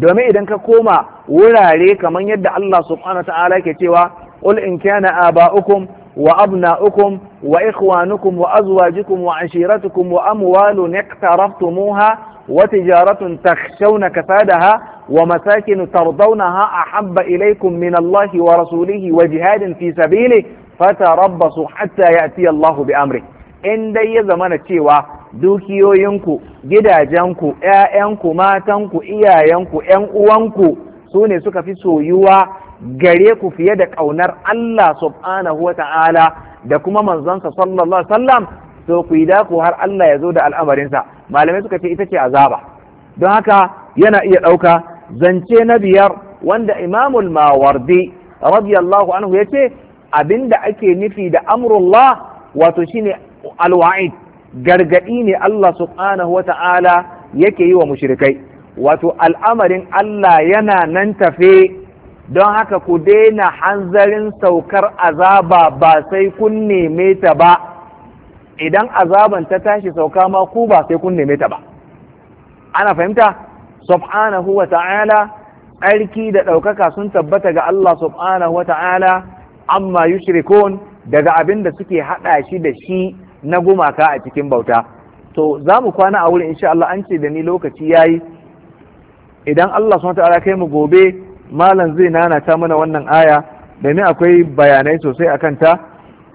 domin idan ka koma wurare kamar yadda Allah subhanahu ta'ala ke cewa qul in kana aba'ukum وأبناؤكم وإخوانكم وأزواجكم وعشيرتكم وأموال اقترفتموها وتجارة تخشون كفادها ومساكن ترضونها أحب إليكم من الله ورسوله وجهاد في سبيله فتربصوا حتى يأتي الله بأمره إن دي زمان دوكيو ينكو جدا جنكو التشيوة ينكو ما تنكو إيا ينكو إن أوانكو سوني سكا في سويوة gare ku fiye da ƙaunar Allah subhanahu wa ta'ala da kuma manzonsa sallallahu alaihi wasallam to ku yi ku har Allah ya zo da al'amarinsa malamai suka ce ita ce azaba don haka yana iya ɗauka zance na biyar wanda imamul mawardi radiyallahu anhu ya ce abinda ake nufi da amrullah wato shine alwa'id gargaɗi ne Allah subhanahu wa ta'ala yake yi wa mushrikai wato al'amarin Allah yana nan tafe don haka ku daina hanzarin saukar azaba ba sai kun neme ta ba idan azaban ta tashi sauka ma ku ba sai kun neme ta ba ana fahimta subhanahu wa ta'ala tsarki da ɗaukaka sun tabbata ga Allah subhanahu wa ta'ala amma yushrikun daga abin da suke haɗa shi da shi na gumaka a cikin bauta to za mu kwana a wurin insha Allah an ce da ni lokaci yayi idan Allah subhanahu wa ta'ala kai mu gobe malam zai nanata mana wannan aya domin akwai bayanai sosai a kanta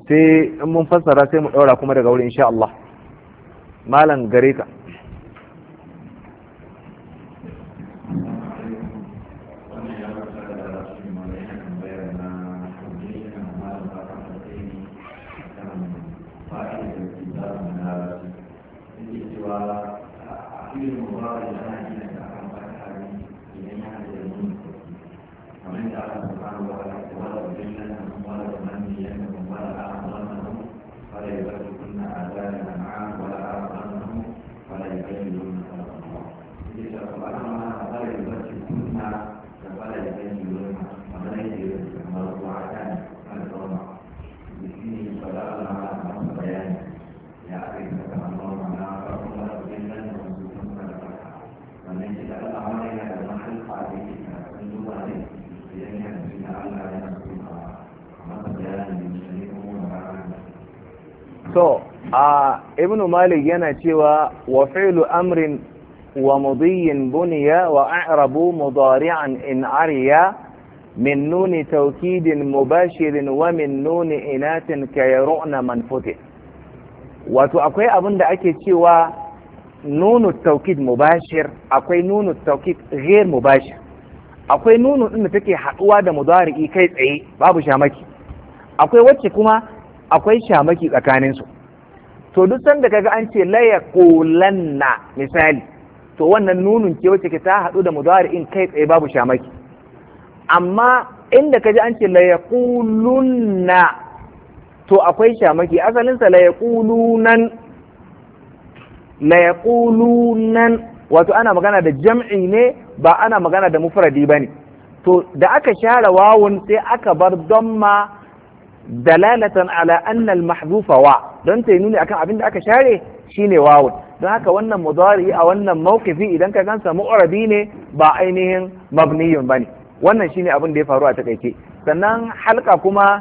sai mun fassara sai mu ɗaura kuma daga wuri insha Allah malam gare ka so a ibnu malik yana cewa wa fi'lu amrin wa mudiyyin buniya wa a'rabu mudari'an in ariya min nuni taukidin mubashirin wa min nuni inatin kayaru'na manfutin wato akwai abin da ake cewa nunu taukid mubashir akwai nunu taukid ghair mubashir akwai nunu din da take haduwa da mudari'i kai tsaye babu shamaki akwai wacce kuma akwai shamaki tsakanin su. to duk sanda kaga an ce laya kolanna misali to wannan nunun ke wace ke ta haɗu da mudari'in kai tsaye babu shamaki amma inda kaji an ce laya kulunna to akwai shamaki asalinsa laya kulunan laya kulunan wato ana magana da jam'i ne ba ana magana da mufradi ba ne to da aka share wawun sai aka bar ma. dalalatan ala annal wa don ta nuni akan abin da aka share shine wawun don haka wannan mudari a wannan mawqifi idan ka gansa mu'rabi ne ba ainihin mabniyun ne. wannan shine abin da ya faru a takaice sannan halka kuma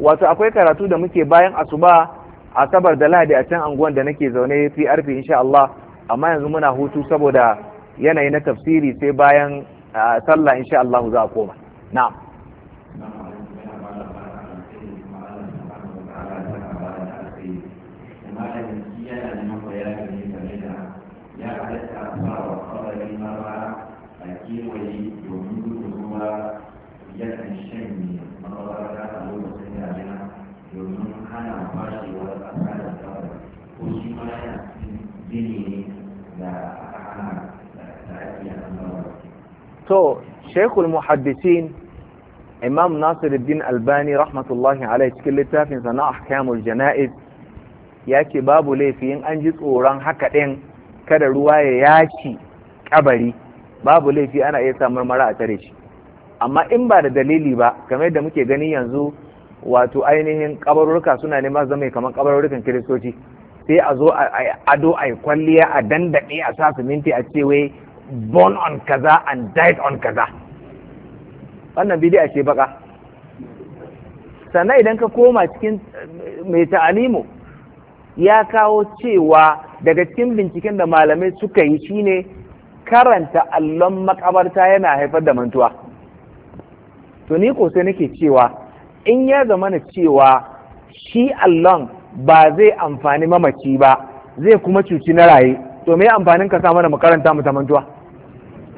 wato akwai karatu da muke bayan asuba asabar da lahadi a can anguwan da nake zaune fi arfi insha Allah amma yanzu muna hutu saboda yanayi na tafsiri sai bayan ah, sallah insha Allah za a koma na'am to shekul muhaddisin imam nasiruddin albani rahmatullahi alaihi cikin littafinsa na ahkamul jana'iz ya ce babu laifi in an ji tsoron haka ɗin kada ruwa ya yaki ƙabari, babu laifi ana iya samun mara a tare shi amma in ba da dalili ba game da muke gani yanzu wato ainihin kabarurka suna nema zama kamar kabarurrukan kiristoci sai a zo a ado a kwalliya a dandaɗe a sa siminti a ce wai born on kaza and died on kaza wannan a ce baka sannan idan ka koma cikin eh, mai ta'alimu ya kawo cewa daga cikin binciken da malamai suka yi shine karanta allon makabarta yana haifar da mantuwa to ni ko sai nake cewa in ya zama na cewa shi allon ba zai amfani mamaci ba zai kuma cuci na raye to me amfanin ka sa mana mu karanta mu tamantuwa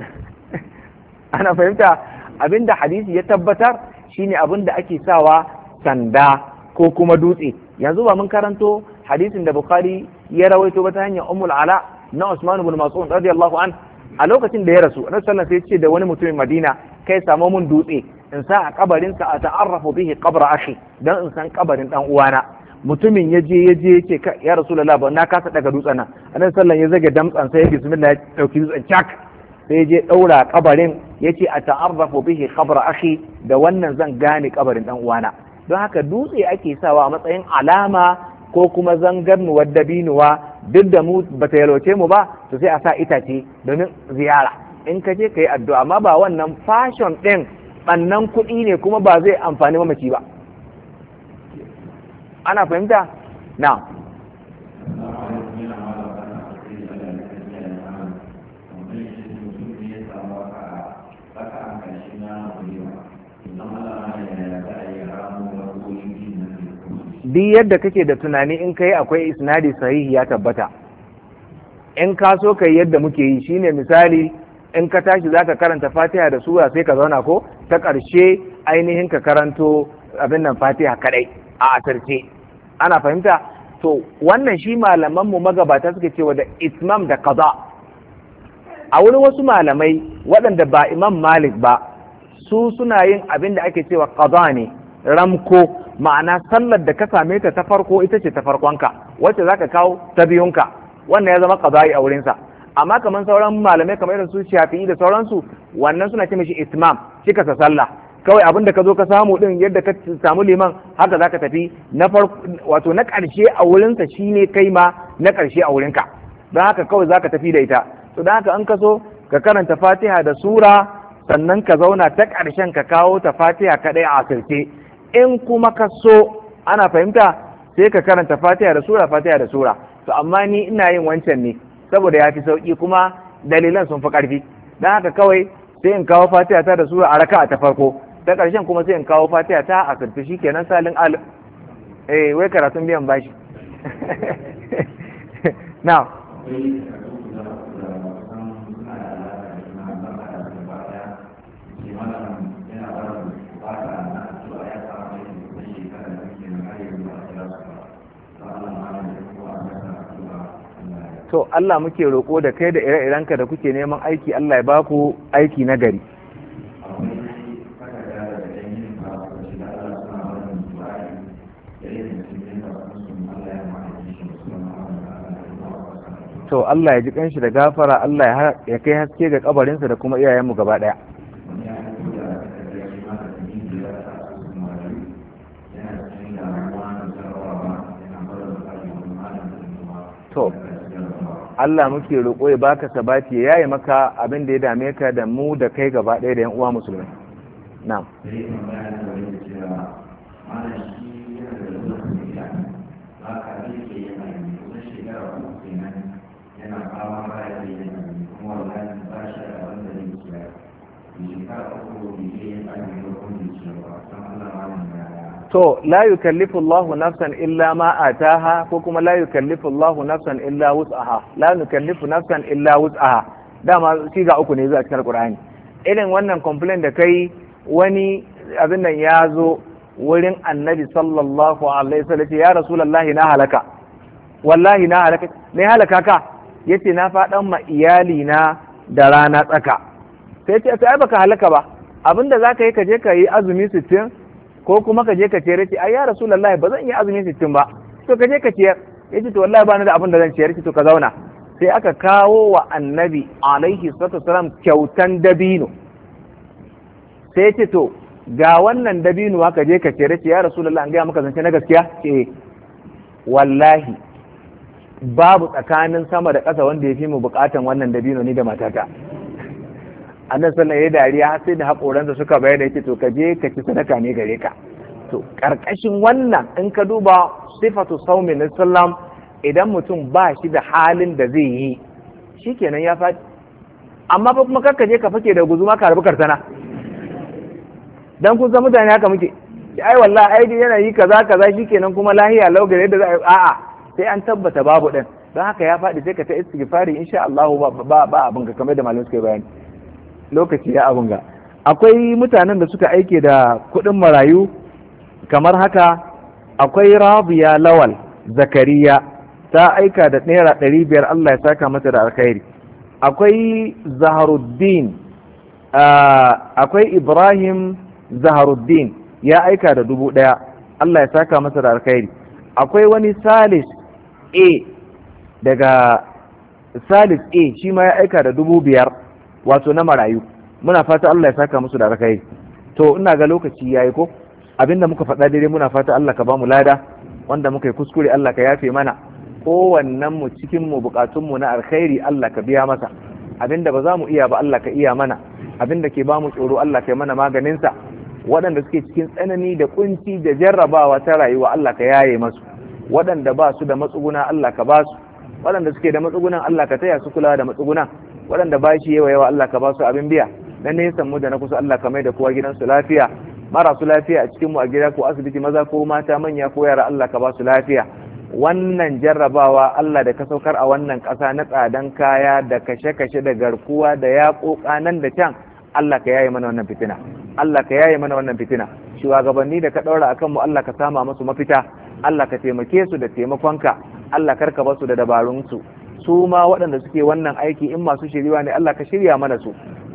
ana fahimta abinda hadisi ya tabbatar shine abinda ake sawa sanda ko kuma dutse yanzu ba mun karanto hadisin da bukhari ya rawaito ba ta hanyar ummul ala na usman ibn mas'ud radiyallahu an a lokacin da ya rasu annabi sallallahu alaihi ce da wani mutumin madina kai samo mun dutse in sa a kabarinsa a ta'arrafu bihi qabra ashi dan in san kabarin dan uwana mutumin ya je ya je yake ya da labar na kasa daga dutsen nan annabi sallan ya zage damtsan sai ya bismillah ya dauki dutsen cak sai ya je daura kabarin yace ko bihi kabar ake da wannan zan gane kabarin dan uwana don haka dutse ake sawa a matsayin alama ko kuma wadda binuwa duk da mu bata yalwace mu ba to sai a sa itace domin ziyara in ka je ka yi addu'a amma ba wannan fashon ɗin ɓannan kuɗi ne kuma ba zai amfani mamaci ba ana fahimta na duk yadda kake da tunani in kai akwai isnadi sahihi ya tabbata in ka so kai yadda muke yi shine misali in ka tashi zaka karanta fatiha da sura sai ka zauna ko ta ƙarshe ainihin ka karanto abin nan fatiha kadai a asirce ana fahimta to wannan shi malaman mu magabata suka cewa da itmam da kaza a wurin wasu malamai waɗanda ba imam malik ba su suna yin abin da ake cewa kaza ne ramko ma'ana sallar da ka same ta ta farko ita ce ta farkonka wacce za ka kawo ta biyunka wannan ya zama kaza'i a wurinsa amma kamar sauran malamai kamar irin su shafi'i da sauransu wannan suna ce mishi itmam cika sa sallah kawai abin da ka zo ka samu din yadda ka samu liman haka za ka tafi na wato na ƙarshe a wurinsa shine kai ma na ƙarshe a wurinka don haka kawai za ka tafi da ita to don haka an ka so ka karanta fatiha da sura sannan ka zauna ta ƙarshen ka kawo ta fatiha kaɗai a asirce in kuma ka so ana fahimta sai ka karanta fatiha da sura fatiha da sura to amma ni ina yin wancan ne saboda ya fi sauƙi kuma dalilan sun fi ƙarfi don haka kawai sai in kawo fatiha ta da sura a raka'a ta farko ta ƙarshen kuma sai in kawo fatiha ta a karfi shi kenan salin al eh wai karatun biyan bashi na to Allah muke roƙo da kai da ire-irenka da kuke neman aiki Allah ya baku aiki na gari Allah ya ji kanshi da gafara Allah ya kai haske ga kabarinsa da kuma iyayenmu gaba daya to Allah muke roƙo ya baka sabati ya yaye maka abin da ya dame ka da mu da kai gaba ɗaya da yan uwa musulmi. na'am to la yukallifu Allahu nafsan illa ma ataha ko kuma la yukallifu Allahu nafsan illa wus'aha la yukallifu nafsan illa wus'aha dama shi ga uku ne zuwa cikin Qur'ani irin wannan complaint da kai wani abin nan ya zo wurin annabi sallallahu alaihi wasallam ya rasulullahi na halaka wallahi na halaka ne halaka ka yace na fadan ma iyali na da rana tsaka sai ce sai baka halaka ba abinda zaka yi ka je ka yi azumi sittin ko kuma ka je ka ciyar yace ai ya rasulullahi ba zan iya azumin sittin ba to ka je ka ciyar yace to wallahi ba ni da abin da zan ciyar ki to ka zauna sai aka kawo wa annabi alaihi salatu wasalam kyautan dabino sai yace to ga wannan dabino ka je ka ciyar yace ya rasulullahi an ga maka zance na gaskiya eh wallahi babu tsakanin sama da ƙasa wanda ya fi mu buƙatan wannan dabino ni da matata annabi ya yi dariya sai da haƙoransa suka bayyana yake to ka je ka ci sadaka ne gare ka to karkashin wannan in ka duba sifatu saumi na sallam idan mutum ba shi da halin da zai yi shikenan ya faɗi amma fa kuma karka je ka fake da guzuma ka rabu karsana dan kun san mutane haka muke ai walla ai yana yi kaza kaza shikenan kuma lahiya lau gare da za a a'a sai an tabbata babu din don haka ya faɗi sai ka ta istighfari insha Allah ba ba abin ka kamar da malamin suka bayani lokaci ya abunga akwai mutanen da suka aike da kuɗin marayu kamar haka akwai rabiya lawal zakariya ta aika da naira ɗari biyar allah ya saka mata da alkhairi akwai zaharuddin akwai ibrahim zaharuddin ya aika da dubu ɗaya allah ya saka masa da alkhairi akwai wani salis a daga salis a shi ma ya aika da dubu biyar wato na marayu muna fata Allah ya saka musu da rakai to ina ga lokaci yayi ko abinda muka faɗa daidai muna fata Allah ka bamu lada wanda muka yi kuskure Allah ka yafe mana kowannen mu cikin mu bukatun mu na alkhairi Allah ka biya masa abinda ba za mu iya ba Allah ka iya mana abinda ke bamu tsoro Allah ka yi mana maganin sa waɗanda suke cikin tsanani da kunci da jarrabawa ta rayuwa Allah ka yaye masu waɗanda ba su da matsuguna Allah ka ba su waɗanda suke da matsugunan Allah ka taya su kula da matsugunan waɗanda ba shi yawa yawa Allah ka ba su abin biya na nesan mu da na kusa Allah ka mai da kowa gidansu lafiya marasu lafiya a cikin mu a gida ko asibiti maza ko mata manya ko yara Allah ka ba su lafiya wannan jarrabawa Allah da ka saukar a wannan ƙasa na tsadan kaya da kashe-kashe da garkuwa da yaƙoƙa nan da can Allah ka yaye mana wannan fitina Allah ka yaye mana wannan fitina shugabanni da ka ɗaura a kanmu Allah ka sama musu mafita Allah ka taimake su da taimakonka Allah karka basu da dabarunsu su ma waɗanda suke wannan aiki in masu shiriwa ne Allah ka shirya mana su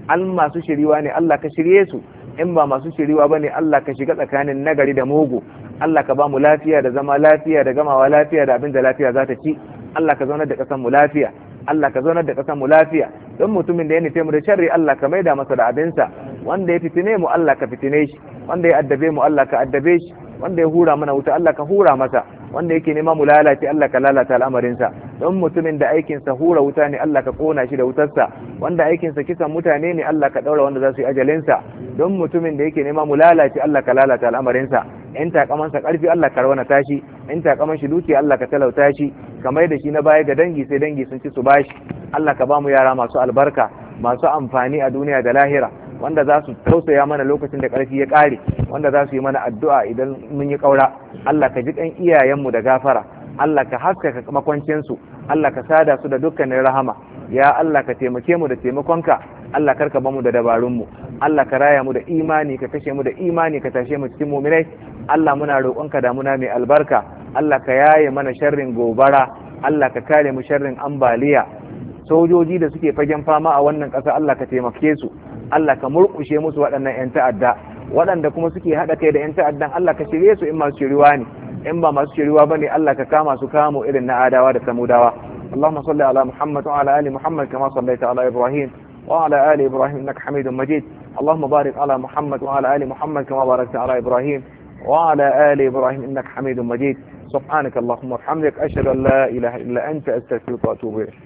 an masu shiriwa ne Allah ka shirye su in ba masu shiriwa ba ne Allah ka shiga tsakanin nagari da mugu Allah ka ba mu lafiya da zama lafiya da gamawa lafiya da abin da lafiya za ta ci Allah ka zaunar da ƙasar mu lafiya Allah ka zaunar da ƙasar mu lafiya don mutumin da ya nufe mu da sharri Allah ka maida masa da abinsa wanda ya fitine mu Allah ka fitine shi wanda ya addabe mu Allah ka addabe shi wanda ya hura mana wuta Allah ka hura masa wanda yake nema mu lalace Allah ka lalata al'amarinsa don mutumin da aikinsa hura wuta ne Allah ka kona shi da wutarsa wanda aikinsa kisan mutane ne Allah ka daura wanda za su yi ajalinsa don mutumin da yake nema mu lalace Allah ka lalata al'amarinsa in takamansa karfi Allah ka rawana tashi in takaman shi dukiya Allah ka talauta shi kamar da shi na baya ga dangi sai dangi sun ci su bashi Allah ka ba mu yara masu albarka masu amfani a duniya da lahira wanda za su tausaya mana lokacin da ƙarfi ya ƙare wanda za su yi mana addu'a idan mun yi ƙaura Allah ka ji ɗan iyayenmu da gafara Allah ka haskaka makwancinsu Allah ka sada su da dukkanin rahama ya Allah ka taimake mu da taimakonka Allah karka bamu da dabarunmu Allah ka raya mu da imani ka kashe mu da imani ka tashe mu cikin muminai Allah muna roƙonka muna mai albarka Allah ka yaye mana sharrin gobara Allah ka kare mu sharrin ambaliya sojoji da suke fagen fama a wannan ƙasa Allah ka taimake su Allah ka murkushe musu waɗannan 'yan ta'adda waɗanda kuma suke haɗa kai da 'yan ta'addan Allah ka shirye su in masu shiriwa ne in ba masu shiriwa ba ne Allah ka kama su kamo irin na adawa da samudawa اللهم صل على محمد وعلى آل محمد كما صليت على إبراهيم وعلى آل إبراهيم إنك حميد مجيد اللهم بارك على محمد وعلى آل محمد كما باركت على إبراهيم وعلى آل إبراهيم إنك حميد مجيد سبحانك اللهم وبحمدك أشهد أن لا إله إلا أنت أستغفرك وأتوب إليك